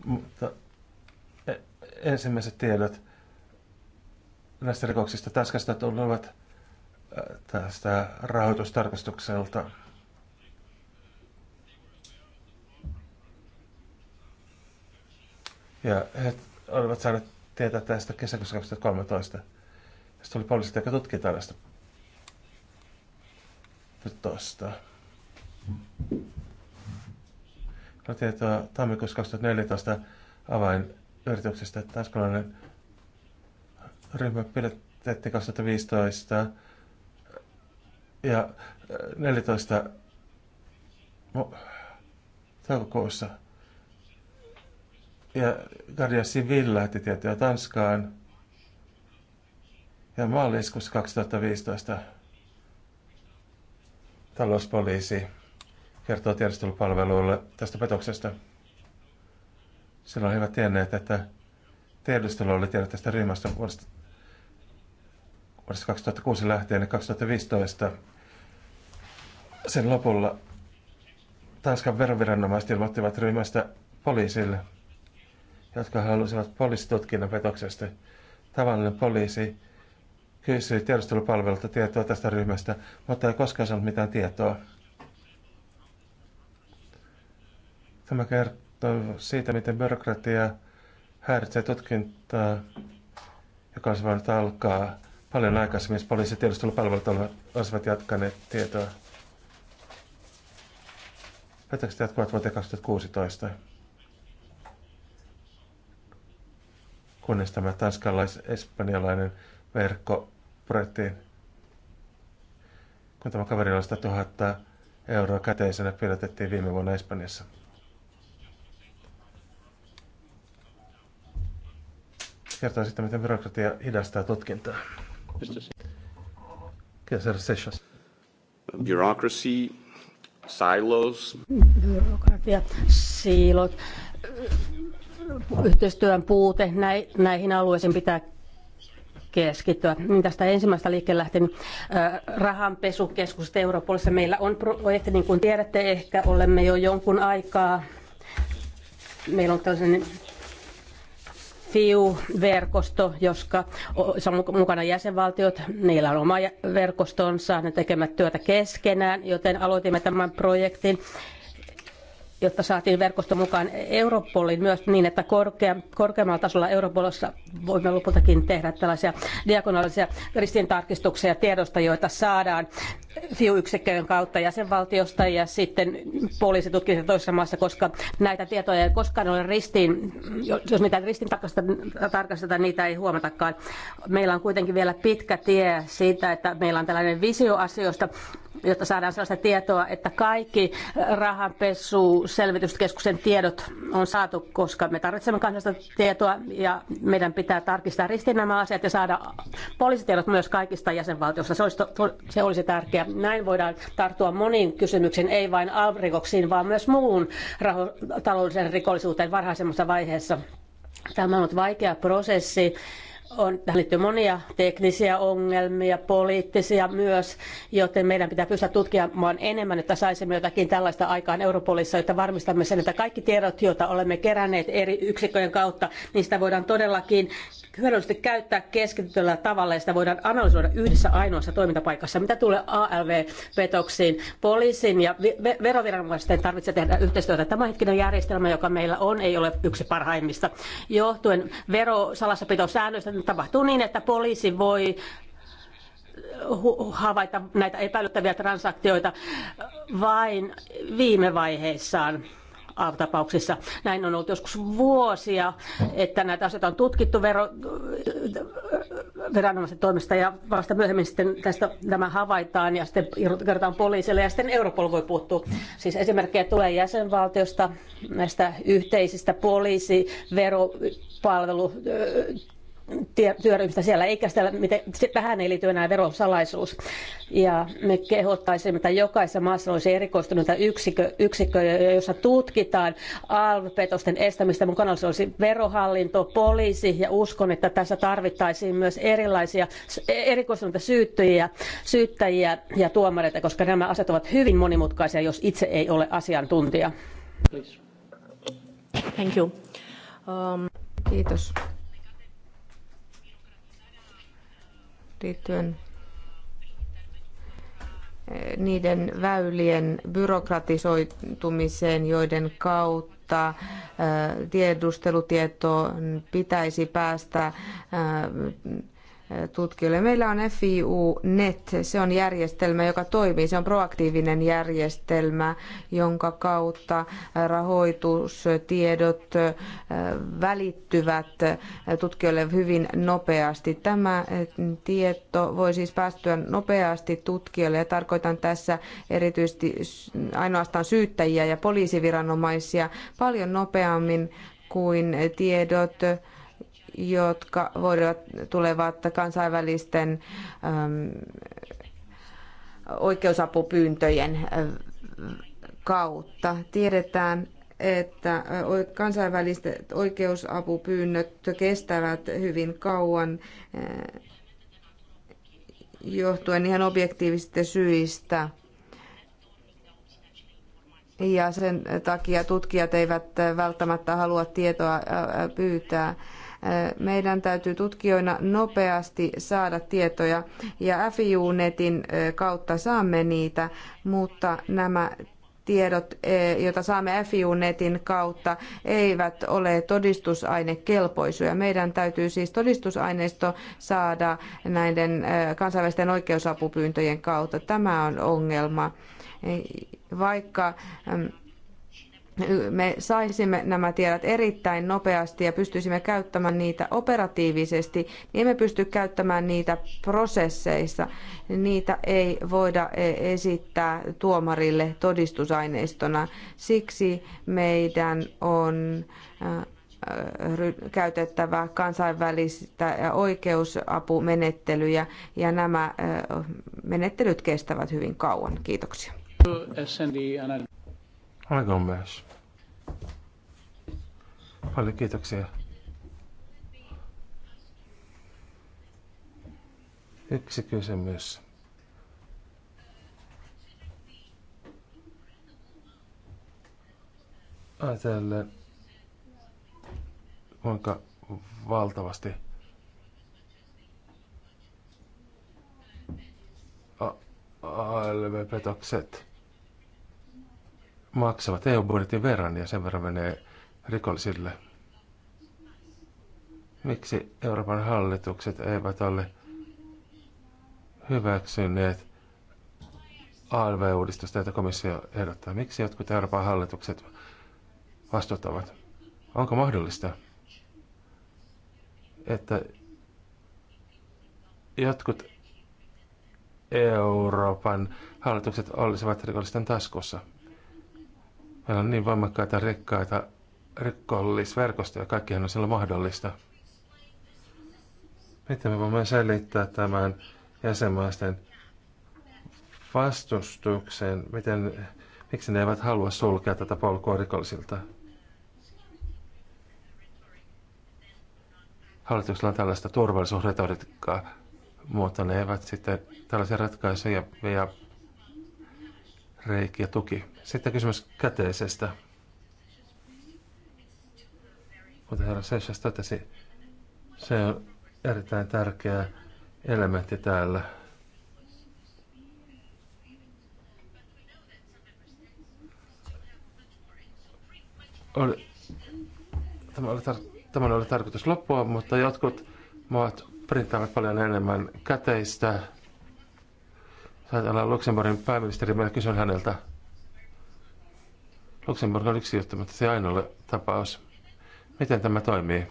Mutta e- ensimmäiset tiedot näistä rikoksista Tanskasta tulevat e, tästä rahoitustarkastukselta. Ja he olivat saaneet tietää tästä kesäkuussa 2013. Sitten oli poliisit, jotka tutkivat tällaista Tosta on tietoa tammikuussa 2014 avainyrityksestä. Tanskalainen ryhmä pidätettiin 2015 ja 14 äh, toukokuussa. Ja Garja Sivil lähti tietoja Tanskaan ja maaliskuussa 2015 talouspoliisi Kertoo tiedustelupalveluille tästä petoksesta. Silloin he eivät tienneet, että tiedustelu oli tiedot tästä ryhmästä vuodesta, vuodesta 2006 lähtien ja 2015 sen lopulla Tanskan veroviranomaiset ilmoittivat ryhmästä poliisille, jotka halusivat poliisitutkinnan petoksesta. Tavallinen poliisi kysyi tiedustelupalvelulta tietoa tästä ryhmästä, mutta ei koskaan saanut mitään tietoa. Tämä kertoo siitä, miten byrokratia häiritsee tutkintaa, joka olisi voinut alkaa paljon aikaisemmin, jos poliisi- ja tiedustelupalvelut olisivat jatkaneet tietoa. Päätökset jatkuvat vuoteen 2016, kunnes tämä tanskalais-espanjalainen verkko purettiin. Kun tämä oli 100 000 euroa käteisenä pidätettiin viime vuonna Espanjassa. kertoo sitten, miten byrokratia hidastaa tutkintaa. Kesar Sessions. Bureaucracy, silos. Byrokratia, siilot, yhteistyön puute, näihin alueisiin pitää keskittyä. Niin tästä ensimmäistä liikkeelle lähtenyt rahanpesukeskuksesta Europolissa. Meillä on projekti, niin kuin tiedätte, ehkä olemme jo jonkun aikaa. Meillä on tällainen FIU-verkosto, jossa on mukana jäsenvaltiot. Niillä on oma verkostonsa, ne tekevät työtä keskenään, joten aloitimme tämän projektin jotta saatiin verkosto mukaan Europolin myös niin, että korkea, korkeammalla tasolla Europolissa voimme lopultakin tehdä tällaisia diagonaalisia ristintarkistuksia tiedosta, joita saadaan FIU-yksikköjen kautta jäsenvaltiosta ja sitten poliisitutkinnat toisessa maassa, koska näitä tietoja ei koskaan ole ristiin, jos mitään ristin tarkastetaan, niitä ei huomatakaan. Meillä on kuitenkin vielä pitkä tie siitä, että meillä on tällainen visio asioista, jotta saadaan sellaista tietoa, että kaikki rahanpesu selvityskeskuksen tiedot on saatu, koska me tarvitsemme kansallista tietoa ja meidän pitää tarkistaa ristiin nämä asiat ja saada poliisitiedot myös kaikista jäsenvaltioista. Se olisi, se olisi tärkeää. Näin voidaan tarttua moniin kysymyksiin, ei vain alvrikoksiin, vaan myös muun raho- rikollisuuteen varhaisemmassa vaiheessa. Tämä on ollut vaikea prosessi on, tähän liittyy monia teknisiä ongelmia, poliittisia myös, joten meidän pitää pystyä tutkimaan enemmän, että saisimme jotakin tällaista aikaan Europolissa, jotta varmistamme sen, että kaikki tiedot, joita olemme keränneet eri yksikköjen kautta, niistä voidaan todellakin hyödyllisesti käyttää keskityllä tavalla ja sitä voidaan analysoida yhdessä ainoassa toimintapaikassa. Mitä tulee ALV-petoksiin, poliisin ja veroviranomaisten tarvitsee tehdä yhteistyötä. Tämänhetkinen järjestelmä, joka meillä on, ei ole yksi parhaimmista. Johtuen verosalassapitosäännöistä tapahtuu niin, että poliisi voi havaita näitä epäilyttäviä transaktioita vain viime vaiheessaan tapauksissa. Näin on ollut joskus vuosia, että näitä asioita on tutkittu vero, viranomaisten toimesta ja vasta myöhemmin sitten tästä tämä havaitaan ja sitten kerrotaan poliisille ja sitten Europol voi puuttua. Siis esimerkkejä tulee jäsenvaltiosta näistä yhteisistä poliisi, vero, palvelu, työryhmistä siellä, eikä sitä, miten, tähän ei liity enää verosalaisuus. Ja me kehottaisimme, että jokaisessa maassa olisi erikoistuneita yksikkö, yksikkö, jossa tutkitaan alvipetosten estämistä. Mukana olisi verohallinto, poliisi ja uskon, että tässä tarvittaisiin myös erilaisia erikoistuneita syyttäjiä, syyttäjiä ja tuomareita, koska nämä asiat ovat hyvin monimutkaisia, jos itse ei ole asiantuntija. Please. Thank you. Um... Kiitos. liittyen eh, niiden väylien byrokratisoitumiseen, joiden kautta eh, tiedustelutietoon pitäisi päästä eh, tutkijoille. Meillä on FIU Net, se on järjestelmä, joka toimii, se on proaktiivinen järjestelmä, jonka kautta rahoitustiedot välittyvät tutkijoille hyvin nopeasti. Tämä tieto voi siis päästyä nopeasti tutkijoille ja tarkoitan tässä erityisesti ainoastaan syyttäjiä ja poliisiviranomaisia paljon nopeammin kuin tiedot jotka voivat, tulevat kansainvälisten äm, oikeusapupyyntöjen äh, kautta. Tiedetään, että äh, kansainväliset oikeusapupyynnöt kestävät hyvin kauan äh, johtuen ihan objektiivisista syistä. Ja sen takia tutkijat eivät välttämättä halua tietoa pyytää meidän täytyy tutkijoina nopeasti saada tietoja ja FIU-netin kautta saamme niitä, mutta nämä tiedot, joita saamme FIU-netin kautta, eivät ole todistusainekelpoisuja. Meidän täytyy siis todistusaineisto saada näiden kansainvälisten oikeusapupyyntöjen kautta. Tämä on ongelma. Vaikka me saisimme nämä tiedot erittäin nopeasti ja pystyisimme käyttämään niitä operatiivisesti, niin emme pysty käyttämään niitä prosesseissa. Niitä ei voida e, esittää tuomarille todistusaineistona. Siksi meidän on käytettävä kansainvälistä oikeusapumenettelyjä ja nämä menettelyt kestävät hyvin kauan. Kiitoksia. Aika myös. Paljon kiitoksia. Yksi kysymys. Ajatellen, kuinka valtavasti ALV-petokset maksavat EU-budjetin verran ja sen verran menee rikollisille. Miksi Euroopan hallitukset eivät ole hyväksyneet ALV-uudistusta, jota komissio ehdottaa? Miksi jotkut Euroopan hallitukset vastuuttavat? Onko mahdollista, että jotkut Euroopan hallitukset olisivat rikollisten taskussa? Meillä on niin voimakkaita rikkaita ja kaikkihan on siellä mahdollista. Miten me voimme selittää tämän jäsenmaisten vastustuksen, miten, miksi ne eivät halua sulkea tätä polkua rikollisilta? Hallituksella on tällaista turvallisuusretoriikkaa, mutta ne eivät sitten tällaisia ratkaisuja ja ja tuki. Sitten kysymys käteisestä. Kuten herra Seixas totesi, se on erittäin tärkeä elementti täällä. Oli, tämä, oli tar- tämä oli tarkoitus loppua, mutta jotkut maat printtaavat paljon enemmän käteistä Täällä Luxemburgin pääministeri, mä kysyn häneltä. Luxemburg on yksi juttu, mutta se ainoa tapaus. Miten tämä toimii?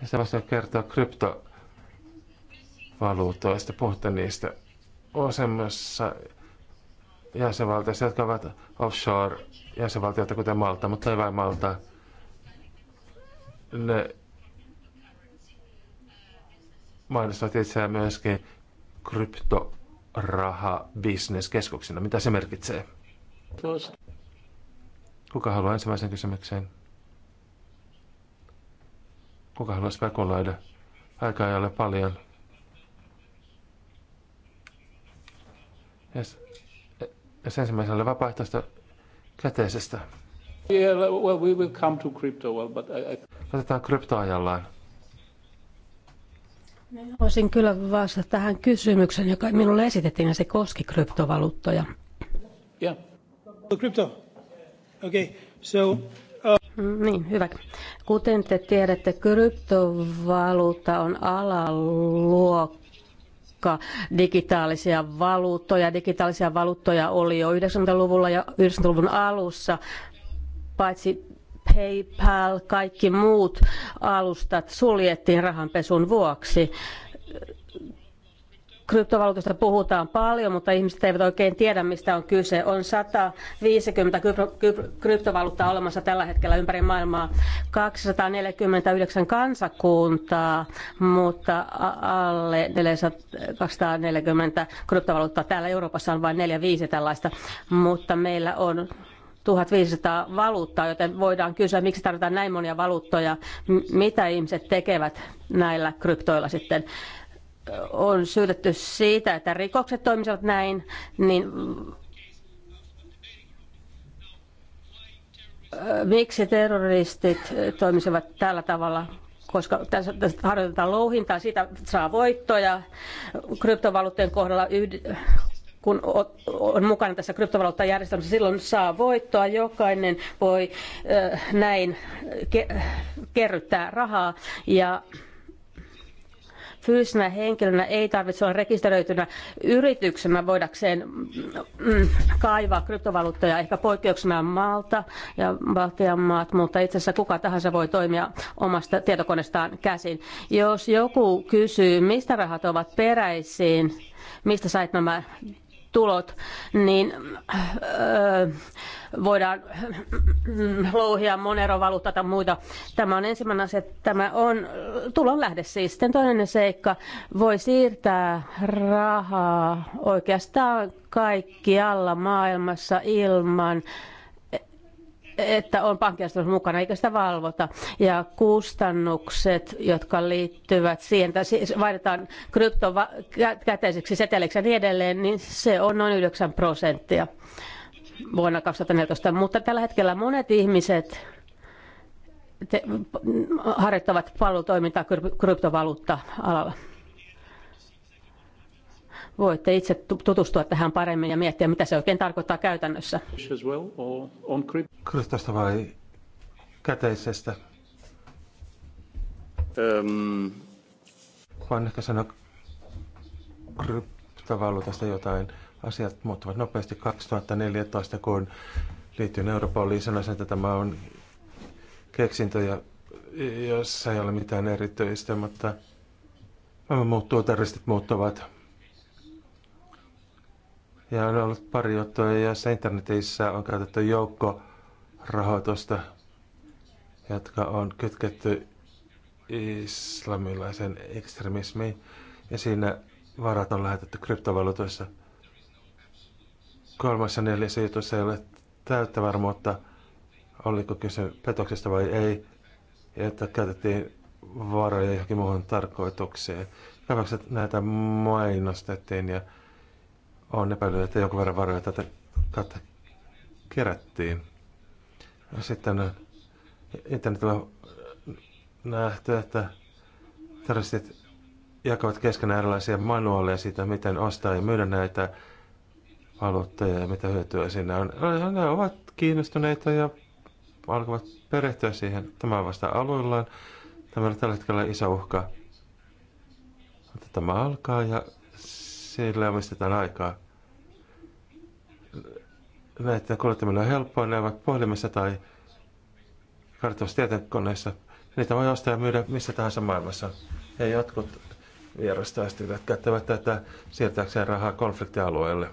Ja se vasta kertoo kryptovaluutoista, puhutte niistä osemmassa jäsenvaltioissa, jotka ovat offshore-jäsenvaltioita, kuten Malta, mutta ei vain Malta. Ne mainostavat itseään myöskin kryptorahabisneskeskuksina. Mitä se merkitsee? Kuka haluaa ensimmäisen kysymykseen? Kuka haluaa spekuloida? Aika ei ole paljon. Ja e- sen ensimmäisellä vapaaehtoista käteisestä. Yeah, well, we will come to crypto, well, but I, I... Otetaan kryptoajallaan. Voisin kyllä vastata tähän kysymykseen, joka minulle esitettiin, ja se koski kryptovaluuttoja. Yeah. Oh, Crypto. Okay. So, uh... Niin, hyvä. Kuten te tiedätte, kryptovaluutta on alaluokka digitaalisia valuuttoja. Digitaalisia valuuttoja oli jo 90-luvulla ja 90-luvun alussa, paitsi PayPal, kaikki muut alustat suljettiin rahanpesun vuoksi. Kryptovaluutasta puhutaan paljon, mutta ihmiset eivät oikein tiedä, mistä on kyse. On 150 kryptovaluuttaa olemassa tällä hetkellä ympäri maailmaa, 249 kansakuntaa, mutta alle 240 kryptovaluuttaa. Täällä Euroopassa on vain 4-5 tällaista, mutta meillä on 1500 valuuttaa, joten voidaan kysyä, miksi tarvitaan näin monia valuuttoja, mitä ihmiset tekevät näillä kryptoilla sitten. On syytetty siitä, että rikokset toimisivat näin, niin miksi terroristit toimisivat tällä tavalla, koska tässä harjoitetaan louhintaa, siitä saa voittoja. Kryptovaluuttien kohdalla kun on mukana tässä kryptovaluuttajärjestelmässä, silloin saa voittoa. Jokainen voi näin kerryttää rahaa ja fyysisenä henkilönä ei tarvitse olla rekisteröitynä yrityksenä voidakseen mm, kaivaa kryptovaluuttoja, ehkä poikkeuksena maalta Malta ja Baltian maat, mutta itse asiassa kuka tahansa voi toimia omasta tietokoneestaan käsin. Jos joku kysyy, mistä rahat ovat peräisin, mistä sait nämä tulot, niin öö, voidaan louhia monerovaluutta tai muita. Tämä on ensimmäinen asia, että tämä on lähde siis. Sitten toinen seikka, voi siirtää rahaa oikeastaan kaikkialla maailmassa ilman että on pankkiasetus mukana, eikä sitä valvota. Ja kustannukset, jotka liittyvät siihen, että siis vaihdetaan krypto käteiseksi seteleiksi ja niin edelleen, niin se on noin 9 prosenttia vuonna 2014. Mutta tällä hetkellä monet ihmiset te, harjoittavat palvelutoimintaa kryptovaluutta-alalla. Voitte itse tutustua tähän paremmin ja miettiä, mitä se oikein tarkoittaa käytännössä. Kryptosta vai käteisestä? Um. Voin ehkä sanoa kryptovaluutasta jotain. Asiat muuttuvat nopeasti 2014, kun liittyen Europoliin sanoisin, että tämä on keksintö, ja, jossa ei ole mitään erityistä, mutta maailma muuttuu, terroristit muuttuvat. Ja on ollut pari juttua, joissa internetissä on käytetty rahoitusta, jotka on kytketty islamilaisen ekstremismiin. Ja siinä varat on lähetetty kryptovaluutoissa. Kolmas ja neljäs jutussa ei ole täyttä varmuutta, oliko kyse petoksesta vai ei, että käytettiin varoja johonkin muuhun tarkoitukseen. Kaivokset näitä mainostettiin ja on epäilyt, että jonkun verran varoja tätä tätä kerättiin. Ja sitten äh, on nähty, että terroristit jakavat keskenään erilaisia manuaaleja siitä, miten ostaa ja myydä näitä valuuttaja ja mitä hyötyä siinä on. Äh, ne ovat kiinnostuneita ja alkavat perehtyä siihen. Tämä on vasta aluillaan. Tämä on tällä hetkellä iso uhka. Mutta tämä alkaa ja siellä omistetaan aikaa. Näitä kuljettaminen on helppoa, ne ovat puhelimessa tai kartoissa tietokoneissa. Niitä voi ostaa ja myydä missä tahansa maailmassa. Ja jotkut vierastaistelijat käyttävät tätä siirtääkseen rahaa konfliktialueelle.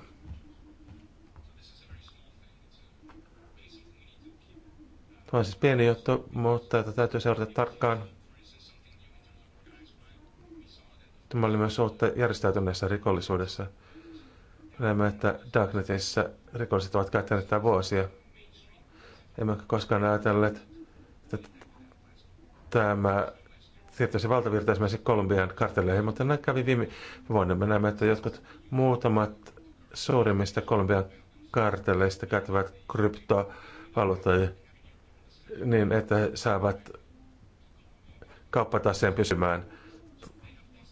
Tämä on siis pieni juttu, mutta täytyy seurata tarkkaan. Tämä oli myös uutta järjestäytyneessä rikollisuudessa. Näemme, että Darknetissä rikolliset ovat käyttäneet tätä vuosia. Emmekä koskaan ajatelleet, että tämä siirtyisi valtavirta esimerkiksi Kolumbian kartelleihin, mutta näin kävi viime vuonna. Me näemme, että jotkut muutamat suurimmista Kolumbian kartelleista käyttävät kryptovaluuttoja niin, että saavat kauppataseen pysymään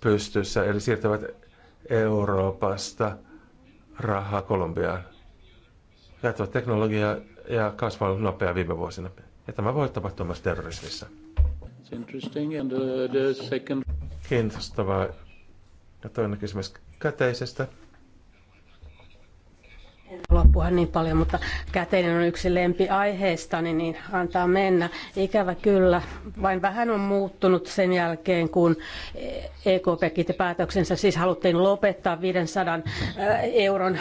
pystyssä, eli siirtävät Euroopasta rahaa Kolumbiaan. Jatkuvat teknologia ja kasvaa nopeaa viime vuosina. Ja tämä voi tapahtua myös terrorismissa. Uh, Kiinnostavaa. Ja toinen kysymys käteisestä halua puhua niin paljon, mutta käteinen on yksi lempi aiheesta, niin antaa mennä. Ikävä kyllä, vain vähän on muuttunut sen jälkeen, kun EKP kiitti päätöksensä. Siis haluttiin lopettaa 500 äh, euron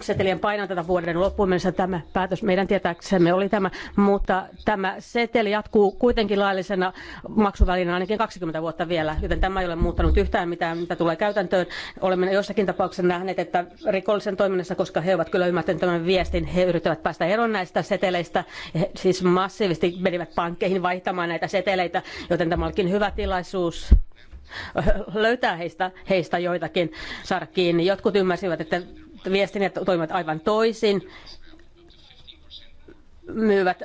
setelien painon tätä vuoden loppuun mennessä. Tämä päätös meidän tietääksemme oli tämä, mutta tämä seteli jatkuu kuitenkin laillisena maksuvälinä ainakin 20 vuotta vielä, joten tämä ei ole muuttanut yhtään mitään, mitä tulee käytäntöön. Olemme jossakin tapauksessa nähneet, että rikollisen toiminnassa, koska he ovat kyllä ilmaisten tämän viestin. He yrittävät päästä eroon näistä seteleistä. He siis massiivisesti menivät pankkeihin vaihtamaan näitä seteleitä, joten tämä olikin hyvä tilaisuus löytää heistä, heistä joitakin sarkkiin. Jotkut ymmärsivät, että viestin toimivat aivan toisin myyvät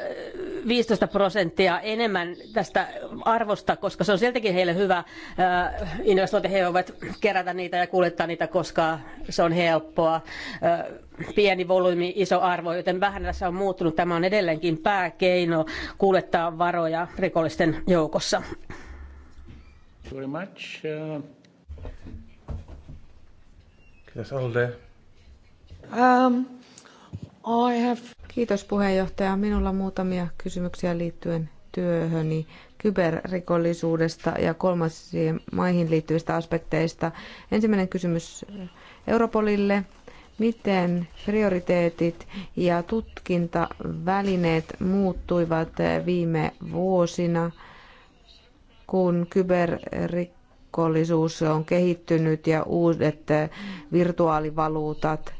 15 äh, prosenttia enemmän tästä arvosta, koska se on sieltäkin heille hyvä äh, investointi. He voivat kerätä niitä ja kuljettaa niitä, koska se on helppoa. Äh, pieni volyymi, iso arvo, joten vähän tässä on muuttunut. Tämä on edelleenkin pääkeino kuljettaa varoja rikollisten joukossa. Very much. Uh, Kiitos Alde. Um, I have Kiitos puheenjohtaja. Minulla on muutamia kysymyksiä liittyen työhöni kyberrikollisuudesta ja kolmansiin maihin liittyvistä aspekteista. Ensimmäinen kysymys Europolille. Miten prioriteetit ja tutkintavälineet muuttuivat viime vuosina, kun kyberrikollisuus on kehittynyt ja uudet virtuaalivaluutat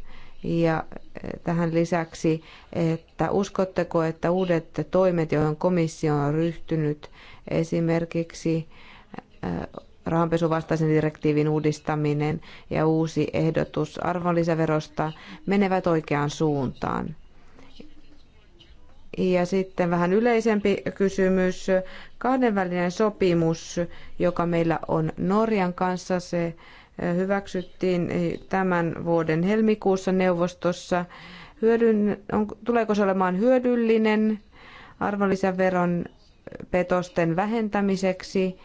ja eh, tähän lisäksi, että uskotteko, että uudet toimet, joihin komissio on ryhtynyt, esimerkiksi eh, rahanpesuvastaisen direktiivin uudistaminen ja uusi ehdotus arvonlisäverosta, menevät oikeaan suuntaan? Ja sitten vähän yleisempi kysymys. Kahdenvälinen sopimus, joka meillä on Norjan kanssa, se hyväksyttiin tämän vuoden helmikuussa neuvostossa. Hyödyn, on, tuleeko se olemaan hyödyllinen arvonlisäveron petosten vähentämiseksi?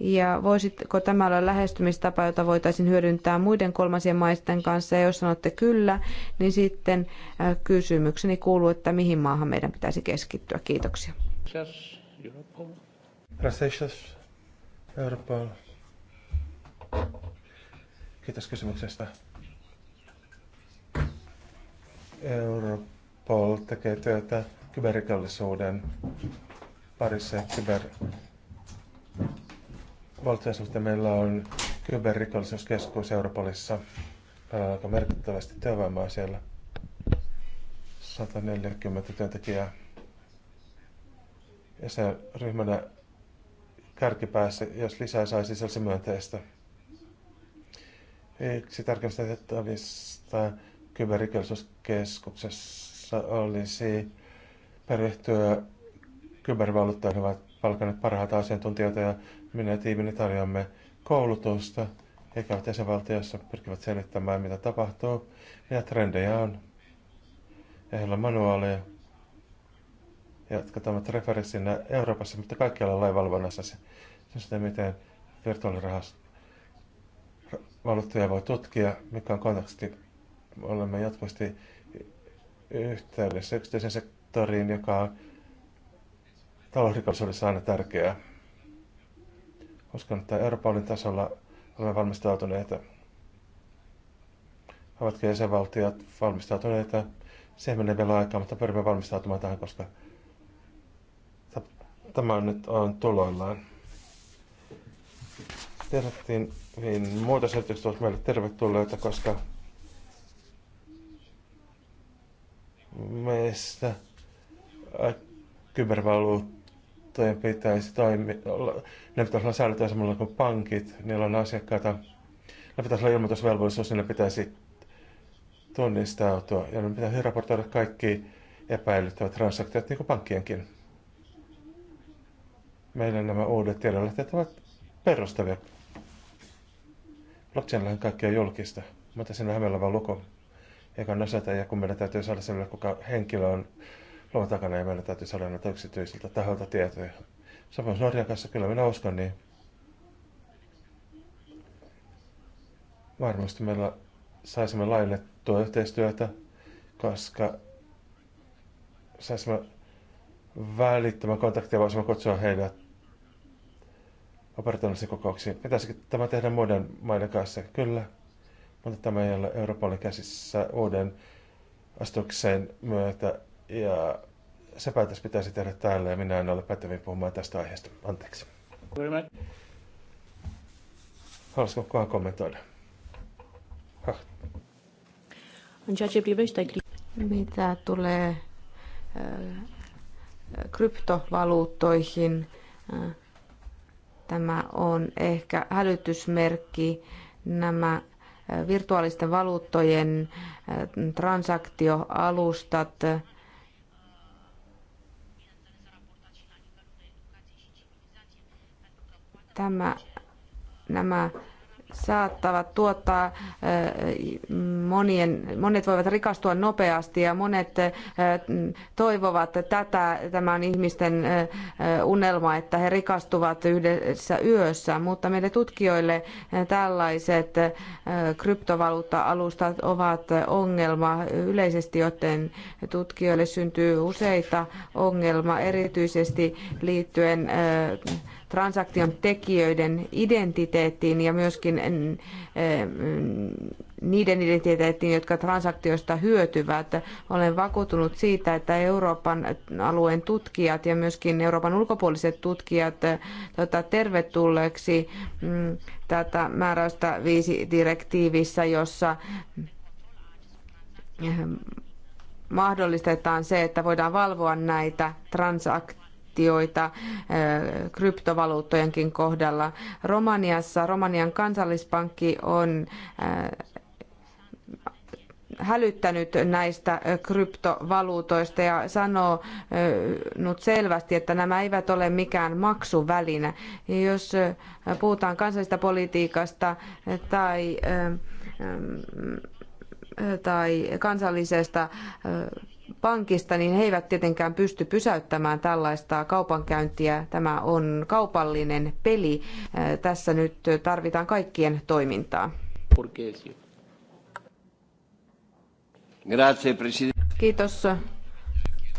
Ja voisitko tämä olla lähestymistapa, jota voitaisiin hyödyntää muiden kolmansien maisten kanssa? Ja jos sanotte kyllä, niin sitten äh, kysymykseni kuuluu, että mihin maahan meidän pitäisi keskittyä. Kiitoksia. Euroopan. Kiitos kysymyksestä. Europol tekee työtä kyberrikollisuuden parissa kyber suhteen. Meillä on kyberrikollisuuskeskus Europolissa. Meillä on aika merkittävästi työvoimaa siellä. 140 työntekijää. Ja se ryhmänä kärkipäässä, jos lisää saisi, se olisi myönteistä. Yksi tarkastettavista kyberrikollisuuskeskuksessa olisi perehtyä kybervaluuttaan. He ovat palkanneet parhaita asiantuntijoita ja minä ja tiimini tarjoamme koulutusta. He käyvät jäsenvaltiossa, pyrkivät selittämään, mitä tapahtuu, mitä trendejä on. Ja heillä on manuaaleja, jotka toimivat referenssinä Euroopassa, mutta kaikkialla lainvalvonnassa. Se, se miten virtuaalirahasto valuuttoja voi tutkia, mikä on konteksti. Olemme jatkuvasti yhteydessä yksityisen sektoriin, joka on talousrikollisuudessa aina tärkeää. Uskon, että Euroopan tasolla olemme valmistautuneita. Ovatko jäsenvaltiot valmistautuneita? Siihen menee vielä aikaa, mutta pyrimme valmistautumaan tähän, koska tämä nyt on tuloillaan direktiivin muutosehdotukset olisi meille tervetulleita, koska meistä äh, kybervaluuttojen pitäisi toimia, ne pitäisi olla säädettyä samalla kuin pankit, niillä on asiakkaita, ne pitäisi olla ilmoitusvelvollisuus, niille pitäisi tunnistautua ja ne pitäisi raportoida kaikki epäilyttävät transaktiot, niin kuin pankkienkin. Meillä nämä uudet tiedonlähteet ovat perustavia Blockchainilla on kaikkea julkista, mutta siinä on hämellä vaan luku, joka on osata, ja kun meidän täytyy saada selville, kuka henkilö on luvan takana, ja meidän täytyy saada näitä yksityisiltä tahoilta tietoja. Samoin Norjan kanssa kyllä minä uskon, niin varmasti meillä saisimme laillettua yhteistyötä, koska saisimme välittömän kontaktia, voisimme kutsua heidät operatiivisiin kokouksiin. Pitäisikö tämä tehdä muiden maiden kanssa? Kyllä, mutta tämä ei ole Euroopan käsissä uuden astuksen myötä ja se päätös pitäisi tehdä täällä ja minä en ole pätevin puhumaan tästä aiheesta. Anteeksi. Haluaisitko kukaan kommentoida? Huh. Mitä tulee kryptovaluuttoihin, Tämä on ehkä hälytysmerkki. Nämä virtuaalisten valuuttojen transaktioalustat tämä, nämä saattavat tuottaa monien, monet voivat rikastua nopeasti ja monet toivovat tätä, tämän ihmisten unelma, että he rikastuvat yhdessä yössä, mutta meille tutkijoille tällaiset kryptovaluutta-alustat ovat ongelma yleisesti, joten tutkijoille syntyy useita ongelmia, erityisesti liittyen transaktion tekijöiden identiteettiin ja myöskin eh, niiden identiteettiin, jotka transaktioista hyötyvät. Olen vakuutunut siitä, että Euroopan alueen tutkijat ja myöskin Euroopan ulkopuoliset tutkijat eh, tota, tervetulleeksi mm, tätä määräystä viisi direktiivissä, jossa eh, mahdollistetaan se, että voidaan valvoa näitä transaktioita sanktioita kryptovaluuttojenkin kohdalla. Romaniassa Romanian kansallispankki on hälyttänyt näistä kryptovaluutoista ja sanonut selvästi, että nämä eivät ole mikään maksuväline. Jos puhutaan kansallisesta politiikasta tai, tai kansallisesta pankista, niin he eivät tietenkään pysty pysäyttämään tällaista kaupankäyntiä. Tämä on kaupallinen peli. Äh, tässä nyt tarvitaan kaikkien toimintaa. Kiitos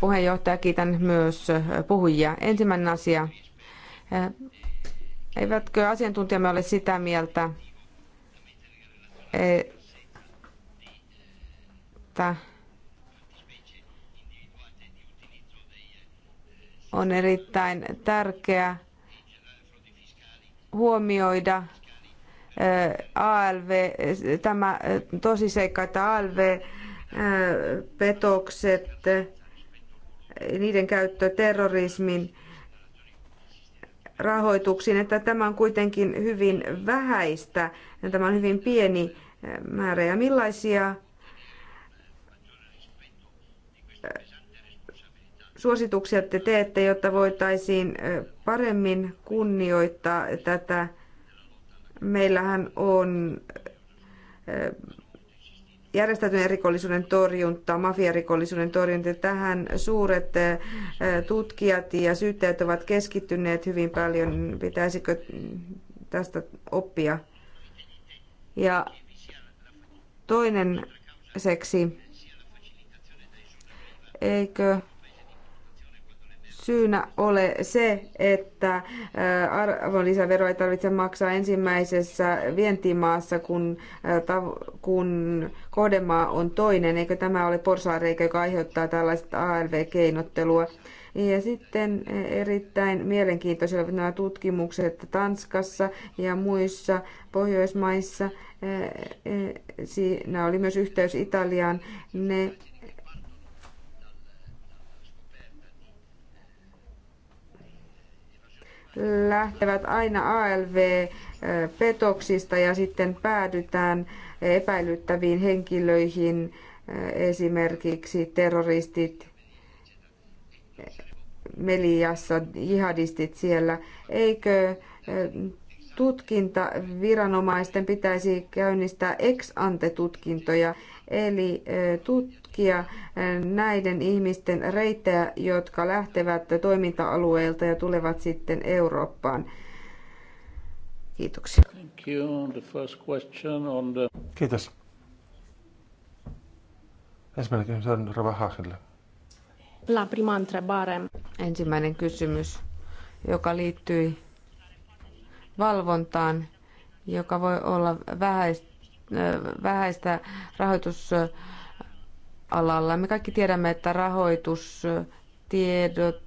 puheenjohtaja. Kiitän myös äh, puhujia. Ensimmäinen asia. Äh, eivätkö asiantuntijamme ole sitä mieltä, e- että on erittäin tärkeää huomioida äh, ALV, tämä tosiseikka, että ALV-petokset, äh, äh, niiden käyttö terrorismin rahoituksiin, että tämä on kuitenkin hyvin vähäistä, tämä on hyvin pieni määrä. Ja millaisia suosituksia te teette, jotta voitaisiin paremmin kunnioittaa tätä? Meillähän on järjestäytyneen rikollisuuden torjunta, mafiarikollisuuden torjunta. Tähän suuret tutkijat ja syyttäjät ovat keskittyneet hyvin paljon. Pitäisikö tästä oppia? Ja toinen seksi, eikö syynä ole se, että arvonlisäveroa ei tarvitse maksaa ensimmäisessä vientimaassa, kun, kun kohdemaa on toinen. Eikö tämä ole porsaareikä, joka aiheuttaa tällaista arv keinottelua Ja sitten erittäin mielenkiintoisia ovat nämä tutkimukset Tanskassa ja muissa Pohjoismaissa. Siinä oli myös yhteys Italiaan. Ne lähtevät aina ALV-petoksista ja sitten päädytään epäilyttäviin henkilöihin, esimerkiksi terroristit Meliassa, jihadistit siellä. Eikö tutkintaviranomaisten pitäisi käynnistää ex ante tutkintoja, eli tutkintoja tutkia eh, näiden ihmisten reittejä, jotka lähtevät toiminta-alueelta ja tulevat sitten Eurooppaan. Kiitoksia. Kiitos. Ensimmäinen kysymys on La prima întrebare. Ensimmäinen kysymys, joka liittyi valvontaan, joka voi olla vähäistä, eh, vähäistä rahoitus alalla. Me kaikki tiedämme, että tiedot,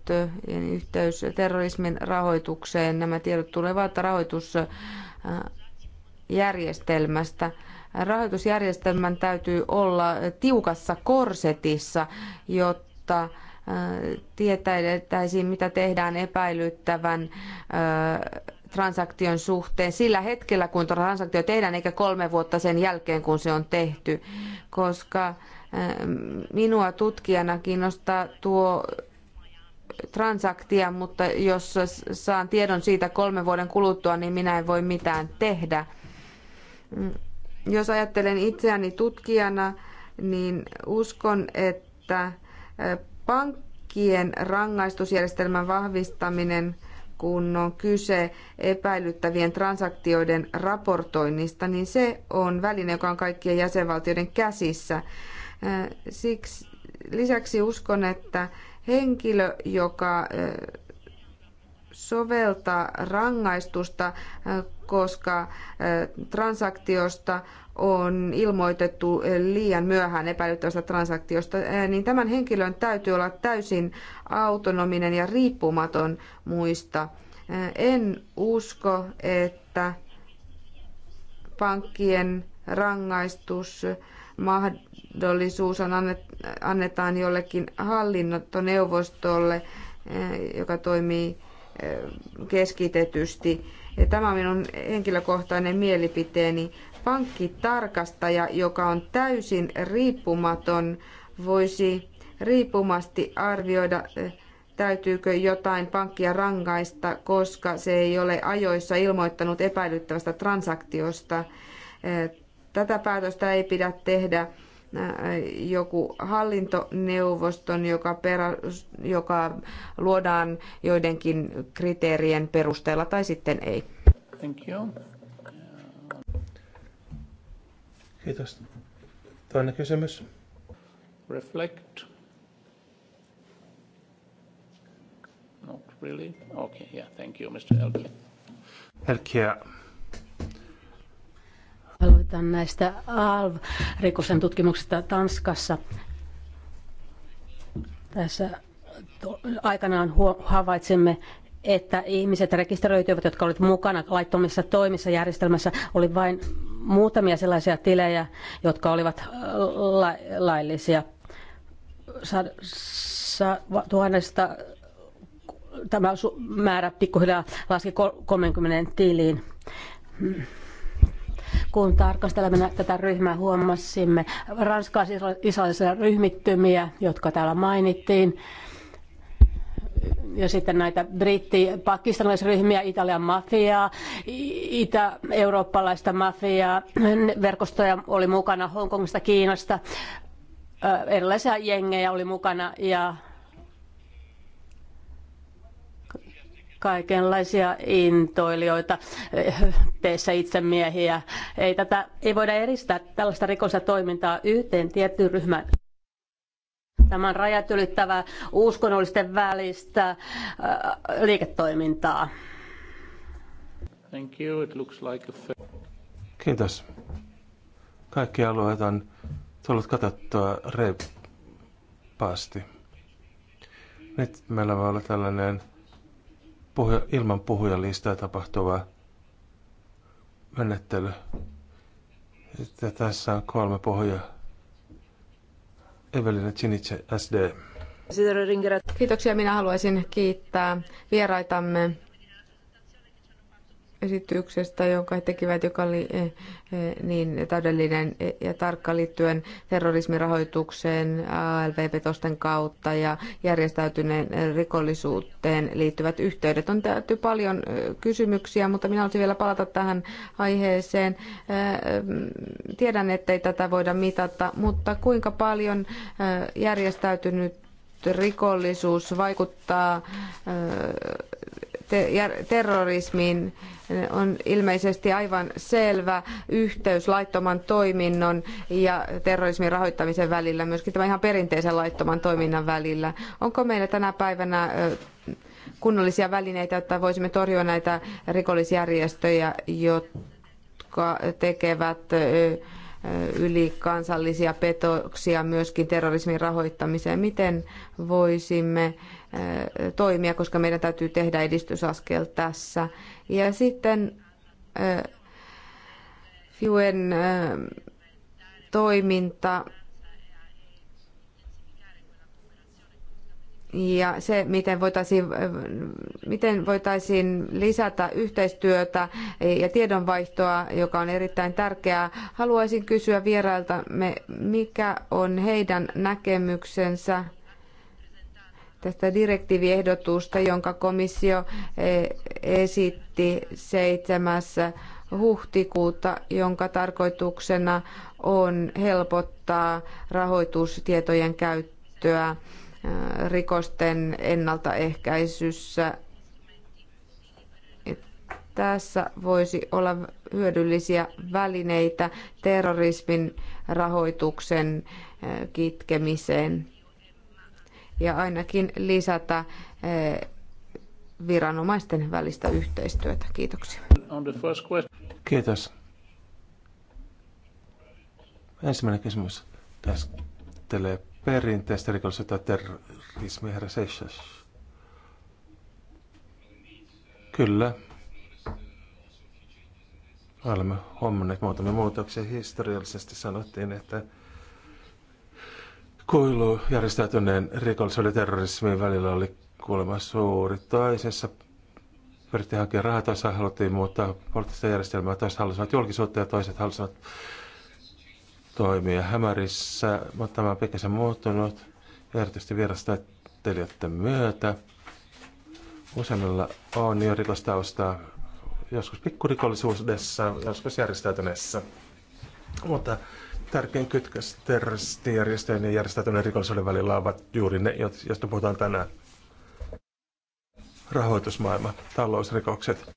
yhteys terrorismin rahoitukseen, nämä tiedot tulevat rahoitusjärjestelmästä. Rahoitusjärjestelmän täytyy olla tiukassa korsetissa, jotta äh, tietäisiin, mitä tehdään epäilyttävän äh, transaktion suhteen sillä hetkellä, kun transaktio tehdään, eikä kolme vuotta sen jälkeen, kun se on tehty, koska Minua tutkijana kiinnostaa tuo transaktia, mutta jos saan tiedon siitä kolmen vuoden kuluttua, niin minä en voi mitään tehdä. Mm, jos ajattelen itseäni tutkijana, niin uskon, että pankkien rangaistusjärjestelmän vahvistaminen, kun on kyse epäilyttävien transaktioiden raportoinnista, niin se on väline, joka on kaikkien jäsenvaltioiden käsissä Siksi, lisäksi uskon, että henkilö, joka soveltaa rangaistusta, koska transaktiosta on ilmoitettu liian myöhään epäilyttävästä transaktiosta, niin tämän henkilön täytyy olla täysin autonominen ja riippumaton muista. En usko, että pankkien rangaistus mahdollistaa mahdollisuus on annetaan jollekin hallinnottoneuvostolle, eh, joka toimii eh, keskitetysti. Ja tämä on minun henkilökohtainen mielipiteeni. Pankkitarkastaja, joka on täysin riippumaton, voisi riippumasti arvioida, eh, täytyykö jotain pankkia rangaista, koska se ei ole ajoissa ilmoittanut epäilyttävästä transaktiosta. Tätä päätöstä ei pidä tehdä Äh, joku hallintoneuvoston, joka, perä, joka luodaan joidenkin kriteerien perusteella tai sitten ei. Thank you. Kiitos. Toinen kysymys. Reflect. Not really. Okay, yeah, thank you, Mr. Elkia. Elkia. Aloitan näistä ALV-rikosten tutkimuksista Tanskassa. Tässä aikanaan havaitsimme, että ihmiset rekisteröityivät, jotka olivat mukana laittomissa toimissa järjestelmässä, oli vain muutamia sellaisia tilejä, jotka olivat la- laillisia. Sa- sa- tuhannesta tämä määrä pikkuhiljaa laski 30 tiliin. Kun tarkastelemme tätä ryhmää, huomasimme ranskalaisia ryhmittymiä, jotka täällä mainittiin. Ja sitten näitä britti-pakistanilaisryhmiä, Italian mafiaa, itä-eurooppalaista mafiaa, verkostoja oli mukana Hongkongista, Kiinasta, äh, erilaisia jengejä oli mukana ja kaikenlaisia intoilijoita, teissä itse miehiä. Ei, tätä, ei voida eristää tällaista rikollista toimintaa yhteen tiettyyn ryhmään. Tämä on rajat ylittävää uskonnollisten välistä äh, liiketoimintaa. Thank you. It looks like a... Kiitos. Kaikki alueet on tullut katsottua reippaasti. Nyt meillä voi olla tällainen puhuja, ilman puhujalistaa tapahtuva menettely. Sitten tässä on kolme puhujaa. Evelina Chinitse, SD. Kiitoksia. Minä haluaisin kiittää vieraitamme esityksestä, jonka he tekivät, joka oli eh, eh, niin täydellinen ja tarkka liittyen terrorismirahoitukseen, ALV-petosten kautta ja järjestäytyneen rikollisuuteen liittyvät yhteydet. On täytyy paljon eh, kysymyksiä, mutta minä haluaisin vielä palata tähän aiheeseen. Tiedän, ettei tätä voida mitata, mutta kuinka paljon järjestäytynyt rikollisuus vaikuttaa terrorismiin on ilmeisesti aivan selvä yhteys laittoman toiminnon ja terrorismin rahoittamisen välillä, myöskin tämän ihan perinteisen laittoman toiminnan välillä. Onko meillä tänä päivänä kunnollisia välineitä, jotta voisimme torjua näitä rikollisjärjestöjä, jotka tekevät ylikansallisia petoksia myöskin terrorismin rahoittamiseen. Miten voisimme toimia, koska meidän täytyy tehdä edistysaskel tässä. Ja sitten äh, Fuen äh, toiminta ja se, miten voitaisiin, miten voitaisiin lisätä yhteistyötä ja tiedonvaihtoa, joka on erittäin tärkeää. Haluaisin kysyä vierailtamme, mikä on heidän näkemyksensä tästä direktiiviehdotusta, jonka komissio e, esitti 7. huhtikuuta, jonka tarkoituksena on helpottaa rahoitustietojen käyttöä e, rikosten ennaltaehkäisyssä. Tässä voisi olla hyödyllisiä välineitä terrorismin rahoituksen e, kitkemiseen ja ainakin lisätä eh, viranomaisten välistä yhteistyötä. Kiitoksia. Kiitos. Ensimmäinen kysymys käsittelee perinteistä rikollisuutta ja terrorismia, herra Seixas. Kyllä. Olemme huomanneet muutamia muutoksia. Historiallisesti sanottiin, että Kuilu järjestäytyneen rikollisuuden ja terrorismin välillä oli kuulemma suuri. Toisessa pyrittiin hankkia rahaa, toisessa haluttiin muuttaa poliittista järjestelmää, toiset halusivat julkisuutta ja toiset halusivat toimia hämärissä, mutta tämä on pikkasen muuttunut, erityisesti vierastaistelijoiden myötä. Useimmilla on jo rikostausta joskus pikkurikollisuudessa, joskus järjestäytyneessä. Mutta tärkein kytkös terroristijärjestöjen ja järjestäytyneen rikollisuuden välillä ovat juuri ne, joista puhutaan tänään. Rahoitusmaailma, talousrikokset.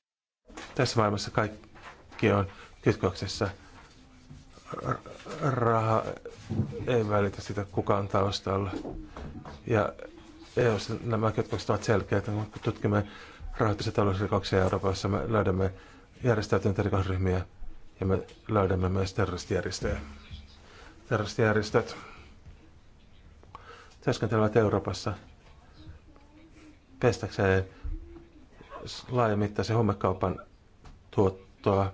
Tässä maailmassa kaikki on kytköksessä. Raha ei välitä sitä kukaan taustalla. Ja EU-ssa nämä kytkökset ovat selkeitä, kun tutkimme rahoitus- ja talousrikoksia Euroopassa, me löydämme järjestäytyneitä rikosryhmiä ja me löydämme myös terroristijärjestöjä terroristijärjestöt työskentelevät Euroopassa pestäkseen laajamittaisen huumekaupan tuottoa.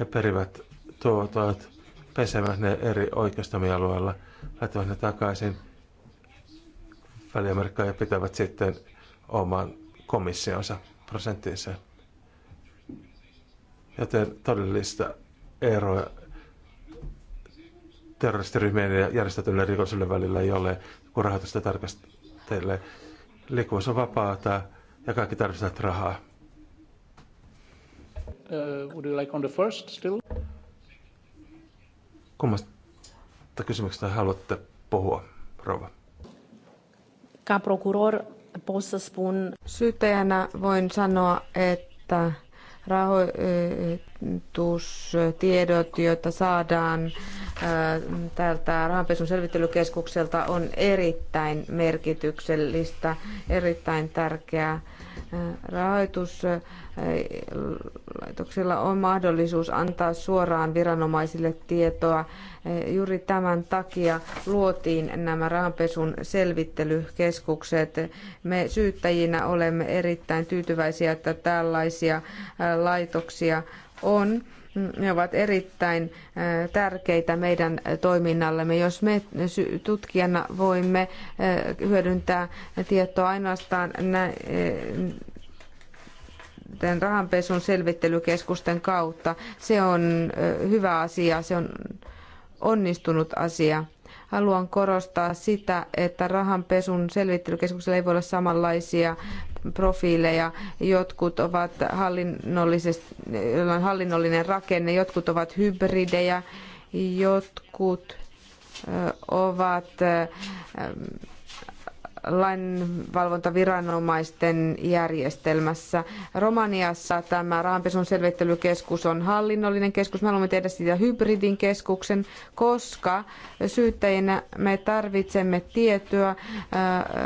He perivät tuotot, pesevät ne eri oikeustomialueilla, laittavat ne takaisin väliamerkkaan ja pitävät sitten oman komissionsa prosenttiinsa. Joten todellista eroa terroristiryhmien ja järjestetylle rikollisille välillä, jolle kun rahoitusta tarkastelee. Liikkuvuus on vapaata ja kaikki tarvitsevat rahaa. Uh, would you like on the first still? Kummasta kysymyksestä haluatte puhua, rouva? Ka prokuror pot spun... Syyttäjänä voin sanoa, että rahoitustiedot, joita saadaan tältä rahanpesun selvittelykeskukselta, on erittäin merkityksellistä, erittäin tärkeää. Rahoitus laitoksella on mahdollisuus antaa suoraan viranomaisille tietoa. Juuri tämän takia luotiin nämä rahanpesun selvittelykeskukset. Me syyttäjinä olemme erittäin tyytyväisiä, että tällaisia laitoksia on. Ne ovat erittäin tärkeitä meidän toiminnallemme. Jos me tutkijana voimme hyödyntää tietoa ainoastaan rahanpesun selvittelykeskusten kautta. Se on hyvä asia, se on onnistunut asia. Haluan korostaa sitä, että rahanpesun selvittelykeskuksella ei voi olla samanlaisia profiileja. Jotkut ovat hallinnollisesti, on hallinnollinen rakenne, jotkut ovat hybridejä, jotkut ovat lainvalvontaviranomaisten järjestelmässä. Romaniassa tämä rahanpesun selvittelykeskus on hallinnollinen keskus. Me haluamme tehdä siitä hybridin keskuksen, koska syyttäjinä me tarvitsemme tietoa äh,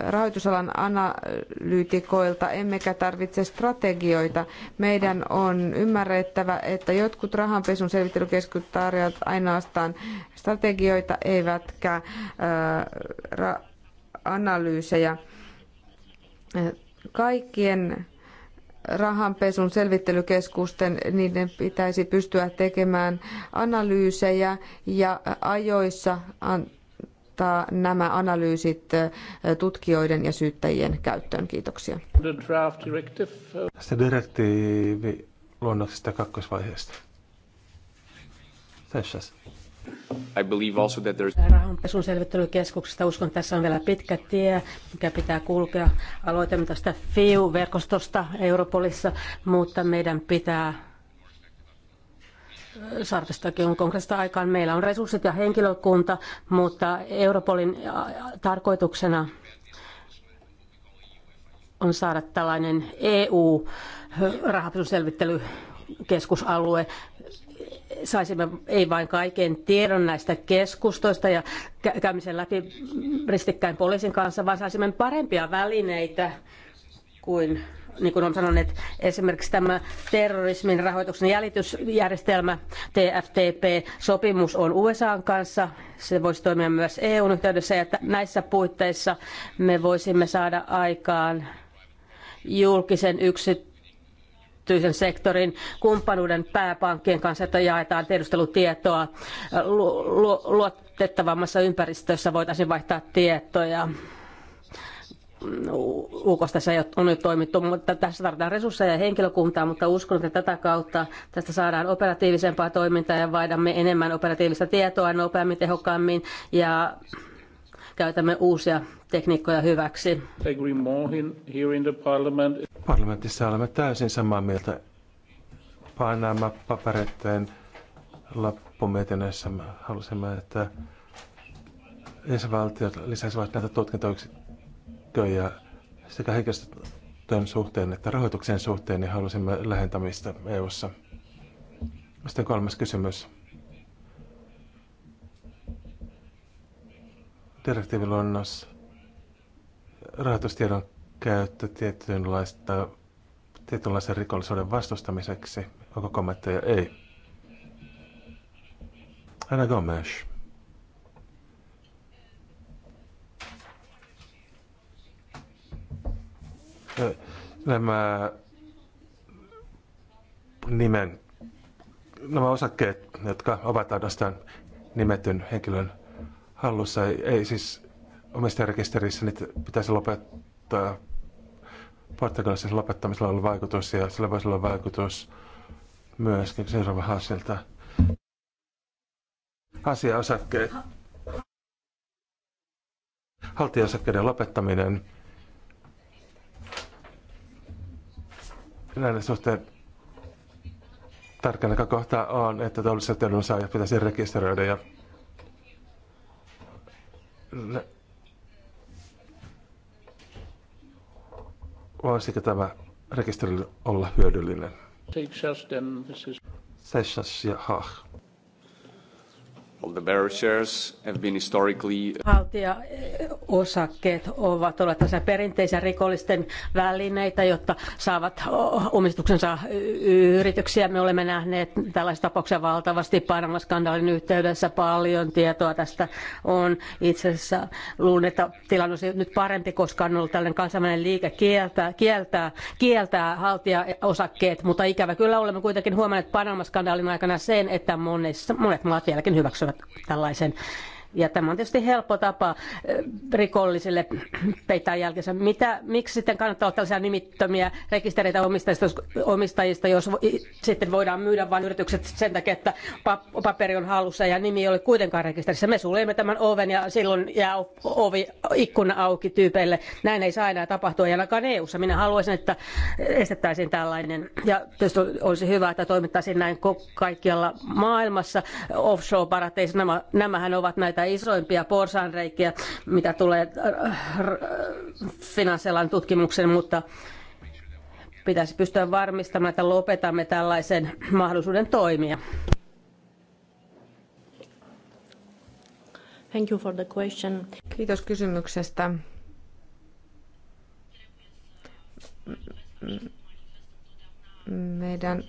rahoitusalan analyytikoilta, emmekä tarvitse strategioita. Meidän on ymmärrettävä, että jotkut rahanpesun selvittelykeskukset tarjoavat ainoastaan strategioita, eivätkä äh, ra- analyysejä. Kaikkien rahanpesun selvittelykeskusten, niiden pitäisi pystyä tekemään analyysejä ja ajoissa antaa nämä analyysit tutkijoiden ja syyttäjien käyttöön. Kiitoksia. Uh, Tästä direktiivi luonnoksesta kakkosvaiheesta. Tässä. I believe also that there's... Rahanpesun selvittelykeskuksesta uskon, että tässä on vielä pitkä tie, mikä pitää kulkea. Aloitamme tästä FIU-verkostosta Europolissa, mutta meidän pitää saada tästäkin on konkreettista aikaan. Meillä on resurssit ja henkilökunta, mutta Europolin tarkoituksena on saada tällainen EU-rahapesuselvittelykeskusalue, saisimme ei vain kaiken tiedon näistä keskustoista ja käymisen läpi ristikkäin poliisin kanssa, vaan saisimme parempia välineitä kuin niin kuin olen sanonut, esimerkiksi tämä terrorismin rahoituksen jäljitysjärjestelmä TFTP-sopimus on USAn kanssa. Se voisi toimia myös EUn yhteydessä ja näissä puitteissa me voisimme saada aikaan julkisen yksityisen yksityisen sektorin kumppanuuden pääpankkien kanssa, että jaetaan tiedustelutietoa luotettavammassa ympäristössä, voitaisiin vaihtaa tietoja. UKosta se on nyt toimittu, mutta tässä tarvitaan resursseja ja henkilökuntaa, mutta uskon, että tätä kautta tästä saadaan operatiivisempaa toimintaa ja vaihdamme enemmän operatiivista tietoa nopeammin, tehokkaammin ja käytämme uusia tekniikkoja hyväksi. Parlamentissa olemme täysin samaa mieltä Painaamme papereiden lappumietinnössä. Halusimme, että jäsenvaltiot lisäisivät näitä tutkintoyksiköjä sekä henkilöstön suhteen että rahoituksen suhteen, niin halusimme lähentämistä EU-ssa. Sitten kolmas kysymys. direktiiviluonnos rahoitustiedon käyttö tietynlaista, tietynlaisen rikollisuuden vastustamiseksi. Onko kommentteja? Ei. Anna Gomes. Nämä nimen, nämä osakkeet, jotka ovat ainoastaan nimetyn henkilön hallussa. Ei, ei siis omistajarekisterissä niitä pitäisi lopettaa. Portugalissa lopettamisella oli vaikutus ja sillä voisi olla vaikutus myöskin seuraava Hassilta. Asiaosakkeet. Haltijaosakkeiden lopettaminen. Näiden suhteen tärkeänä kohta on, että teolliset edunsaajat pitäisi rekisteröidä ja Voisiko tämä rekisteri olla hyödyllinen? Sessas ja Haag of the bearer shares have been historically... Haltijaosakkeet uh, ovat olleet tässä perinteisiä rikollisten välineitä, jotta saavat omistuksensa yrityksiä. Me olemme nähneet tällaisia tapauksia valtavasti Panama-skandaalin yhteydessä. Paljon tietoa tästä on. Itse asiassa luulen, että tilanne on nyt parempi, koska on ollut tällainen kansainvälinen liike kieltää, kieltää, kieltää haltijaosakkeet, mutta ikävä kyllä olemme kuitenkin huomanneet Panama-skandaalin aikana sen, että monet monet maat vieläkin hyväksyvät tällaisen ja tämä on tietysti helppo tapa rikollisille peittää jälkensä. Mitä, miksi sitten kannattaa olla tällaisia nimittömiä rekistereitä omistajista, omistajista jos sitten voidaan myydä vain yritykset sen takia, että paperi on halussa ja nimi ei ole kuitenkaan rekisterissä. Me suljemme tämän oven ja silloin jää ovi, ikkuna auki tyypeille. Näin ei saa enää tapahtua, ja ainakaan EU-ssa. Minä haluaisin, että estettäisiin tällainen. Ja tietysti olisi hyvä, että toimittaisiin näin kaikkialla maailmassa. Offshore-parateissa, nämä, nämähän ovat näitä näitä isoimpia porsanreikiä, mitä tulee äh, äh, finanssialan tutkimukseen, mutta pitäisi pystyä varmistamaan, että lopetamme tällaisen mahdollisuuden toimia. Thank you for the question. Kiitos kysymyksestä. Meidän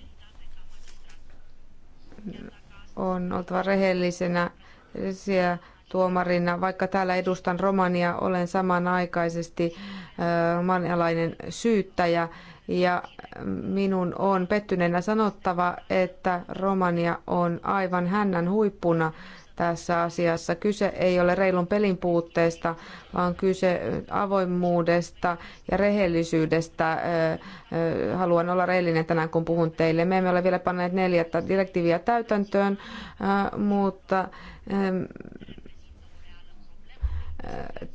on oltava rehellisenä tuomarina, vaikka täällä edustan Romania, olen samanaikaisesti romanialainen syyttäjä ja minun on pettyneenä sanottava, että Romania on aivan hännän huippuna tässä asiassa. Kyse ei ole reilun pelin puutteesta, vaan kyse avoimuudesta ja rehellisyydestä. Haluan olla rehellinen tänään, kun puhun teille. Me emme ole vielä panneet neljättä direktiiviä täytäntöön, mutta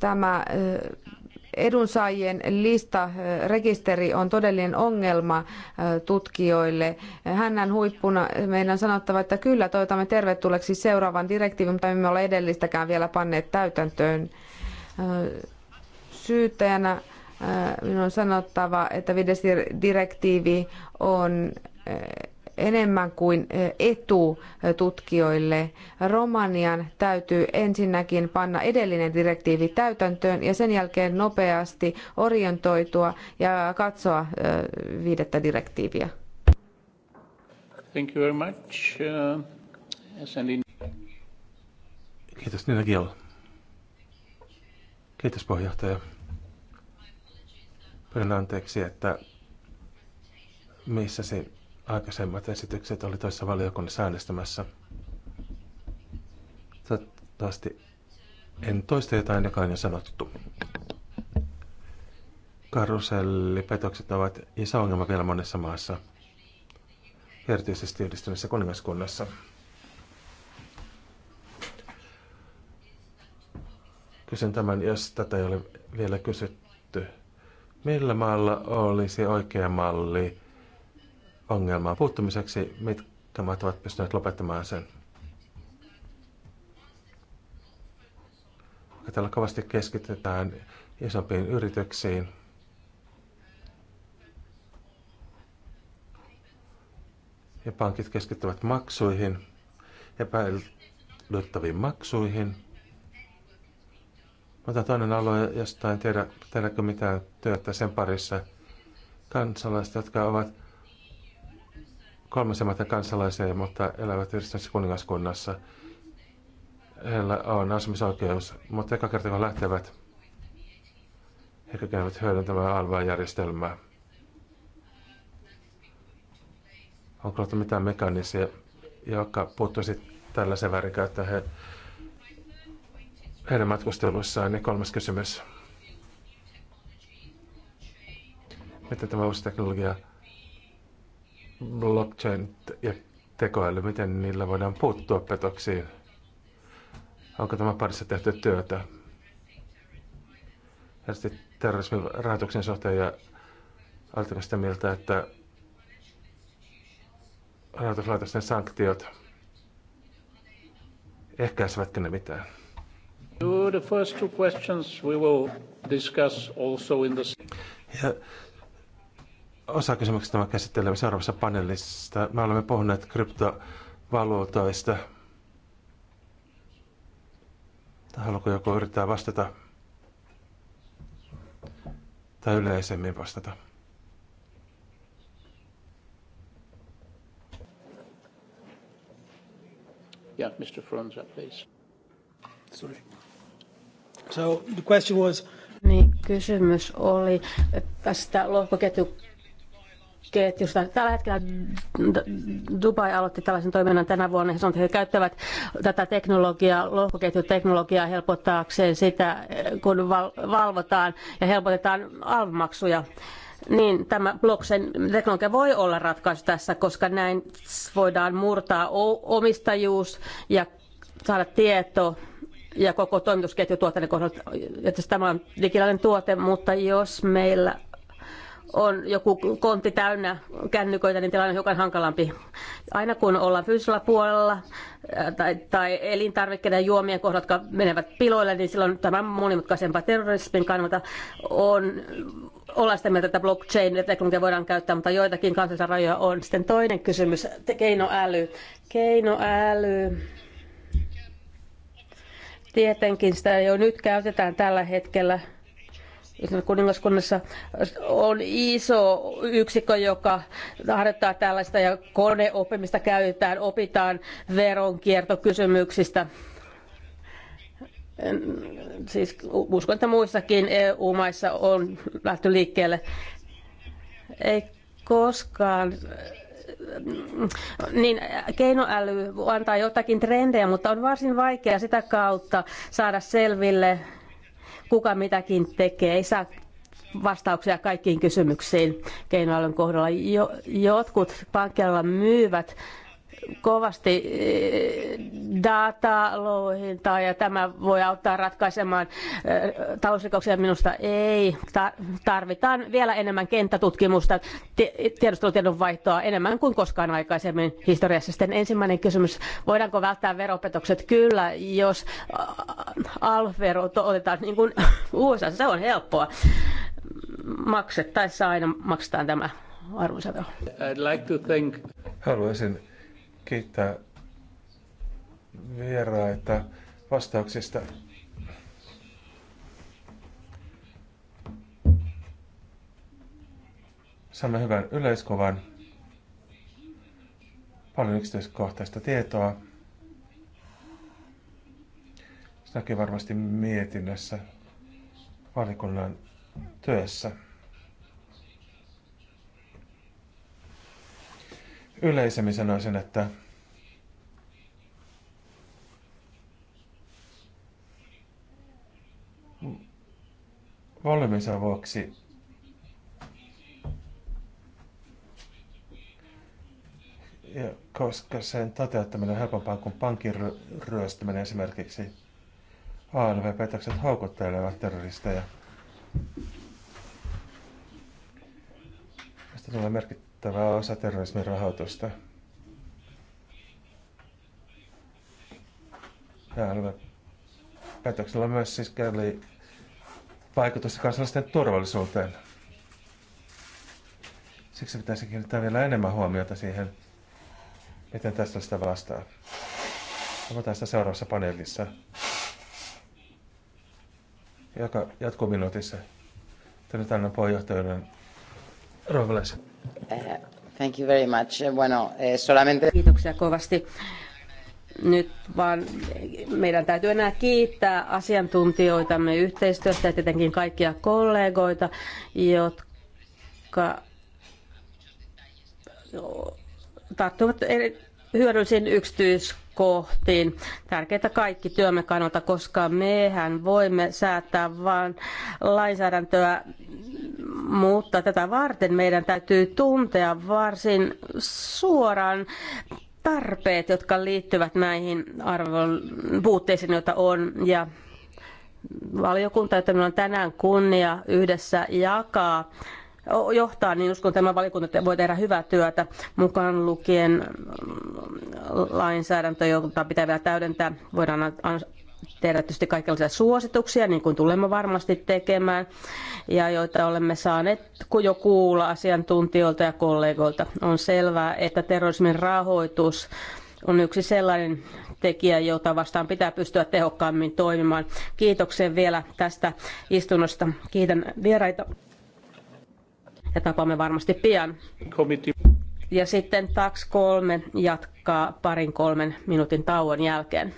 tämä edunsaajien lista, eh, rekisteri on todellinen ongelma eh, tutkijoille. Hännän huippuna meidän on sanottava, että kyllä toivotamme tervetulleeksi seuraavan direktiivin, mutta emme ole edellistäkään vielä panneet täytäntöön. Eh, syyttäjänä minun on sanottava, että viides direktiivi on enemmän kuin eh, etu eh, tutkijoille. Romanian täytyy ensinnäkin panna edellinen direktiivi täytäntöön ja sen jälkeen nopeasti orientoitua ja katsoa eh, viidettä direktiiviä. Thank you very much. Uh, yes, in... Kiitos Nina Gill. Kiitos puheenjohtaja. Pyydän anteeksi, että missä se aikaisemmat esitykset oli toisessa valiokunnassa äänestämässä. Toivottavasti en toista jotain, joka on jo sanottu. Karusellipetokset ovat iso ongelma vielä monessa maassa, erityisesti yhdistyneessä kuningaskunnassa. Kysyn tämän, jos tätä ei ole vielä kysytty. Millä maalla olisi oikea malli ongelmaan puuttumiseksi, mitkä maat ovat pystyneet lopettamaan sen. Ja tällä kovasti keskitetään isompiin yrityksiin. Ja pankit keskittyvät maksuihin, epäilyttäviin maksuihin. Mutta toinen alue, josta en tiedä, tehdäkö mitään työtä sen parissa, kansalaiset, jotka ovat kolmasen maiden kansalaisia, mutta elävät yhdistyneessä kuningaskunnassa. Heillä on asumisoikeus, mutta eka kerta kun lähtevät, he kykenevät hyödyntämään alvaa järjestelmää. Onko ollut mitään mekanismia, joka puuttuisi tällaisen värikäyttöön he, heidän matkustelussaan? Niin kolmas kysymys. Miten tämä uusi teknologia blockchain ja tekoäly, miten niillä voidaan puuttua petoksiin? Onko tämä parissa tehty työtä? Ja sitten terrorismin rahoituksen suhteen ja oletteko sitä mieltä, että rahoituslaitosten sanktiot ehkäisevätkö ne mitään? The first two questions we will discuss also in the... Ja osakysymyksestä me käsittelemme seuraavassa paneelissa. Me olemme puhuneet kryptovaluutoista. Haluatko joku yrittää vastata? Tai yleisemmin vastata? Yeah, Mr. Fronza, please. Sorry. So the question was... Niin, kysymys oli tästä lohkoketju ketjusta. Tällä hetkellä Dubai aloitti tällaisen toiminnan tänä vuonna. Se että he käyttävät tätä teknologiaa, lohkoketjuteknologiaa helpottaakseen sitä, kun valvotaan ja helpotetaan alvmaksuja. Niin tämä blockchain teknologia voi olla ratkaisu tässä, koska näin voidaan murtaa omistajuus ja saada tieto ja koko toimitusketju tuotteiden kohdalla. Tämä on digitaalinen tuote, mutta jos meillä on joku kontti täynnä kännyköitä, niin tilanne on hiukan hankalampi. Aina kun ollaan fyysisellä puolella tai, tai elintarvikkeiden ja juomien kohdat, jotka menevät piloille, niin silloin tämä monimutkaisempaa terrorismin kannalta on olla sitä mieltä, että blockchain ja teknologia voidaan käyttää, mutta joitakin kansallisia rajoja on. Sitten toinen kysymys, keinoäly. Keinoäly. Tietenkin sitä jo nyt käytetään tällä hetkellä kuningaskunnassa on iso yksikkö, joka harjoittaa tällaista ja koneoppimista käytetään, opitaan veronkiertokysymyksistä. Siis uskon, että muissakin EU-maissa on lähty liikkeelle. Ei koskaan niin keinoäly antaa jotakin trendejä, mutta on varsin vaikea sitä kautta saada selville kuka mitäkin tekee. Ei saa vastauksia kaikkiin kysymyksiin keinoälyn kohdalla. Jo, jotkut pankkialalla myyvät kovasti eh, data ja tämä voi auttaa ratkaisemaan eh, talousrikoksia. Minusta ei. Tarvitaan vielä enemmän kenttätutkimusta, tiedustelutiedon vaihtoa enemmän kuin koskaan aikaisemmin historiassa. Sitten ensimmäinen kysymys, voidaanko välttää veropetokset? Kyllä, jos alvero otetaan niin kuin USA, se on helppoa. Maksettaessa aina maksetaan tämä arvonlisävero. like Haluaisin kiittää vieraita vastauksista. Saamme hyvän yleiskuvan, paljon yksityiskohtaista tietoa. Se näkyy varmasti mietinnässä valikunnan työssä. Yleisemmin sanoisin, että volyyminsa vuoksi ja koska sen toteuttaminen on helpompaa kuin pankin ryöstäminen esimerkiksi, ALV-petokset houkuttelevat terroristeja. Tästä tulee merkittävä merkittävä osa terrorismin rahoitusta. Täällä päätöksellä myös siis kävi vaikutusta kansalaisten turvallisuuteen. Siksi pitäisi kiinnittää vielä enemmän huomiota siihen, miten tästä sitä vastaa. Avataan sitä seuraavassa paneelissa, joka jatkuu minuutissa. Tänne tänne puheenjohtajuuden roolilaisen. Thank you very much. Bueno, eh, solamente... Kiitoksia kovasti. Nyt vaan meidän täytyy enää kiittää asiantuntijoitamme yhteistyöstä ja tietenkin kaikkia kollegoita, jotka tarttuvat hyödyllisiin yksityiskohtiin. Tärkeitä kaikki työmme kannalta, koska mehän voimme säätää vain lainsäädäntöä, mutta tätä varten meidän täytyy tuntea varsin suoraan tarpeet, jotka liittyvät näihin arvon puutteisiin, joita on. Ja valiokunta, jota minulla on tänään kunnia yhdessä jakaa johtaa, niin uskon, että tämä valiokunta voi tehdä hyvää työtä mukaan lukien mm, lainsäädäntö, jota pitää vielä täydentää. Voidaan tehdä tietysti kaikenlaisia suosituksia, niin kuin tulemme varmasti tekemään, ja joita olemme saaneet jo kuulla asiantuntijoilta ja kollegoilta. On selvää, että terrorismin rahoitus on yksi sellainen tekijä, jota vastaan pitää pystyä tehokkaammin toimimaan. Kiitoksen vielä tästä istunnosta. Kiitän vieraita ja tapaamme varmasti pian. Ja sitten TAX 3 jatkaa parin kolmen minuutin tauon jälkeen.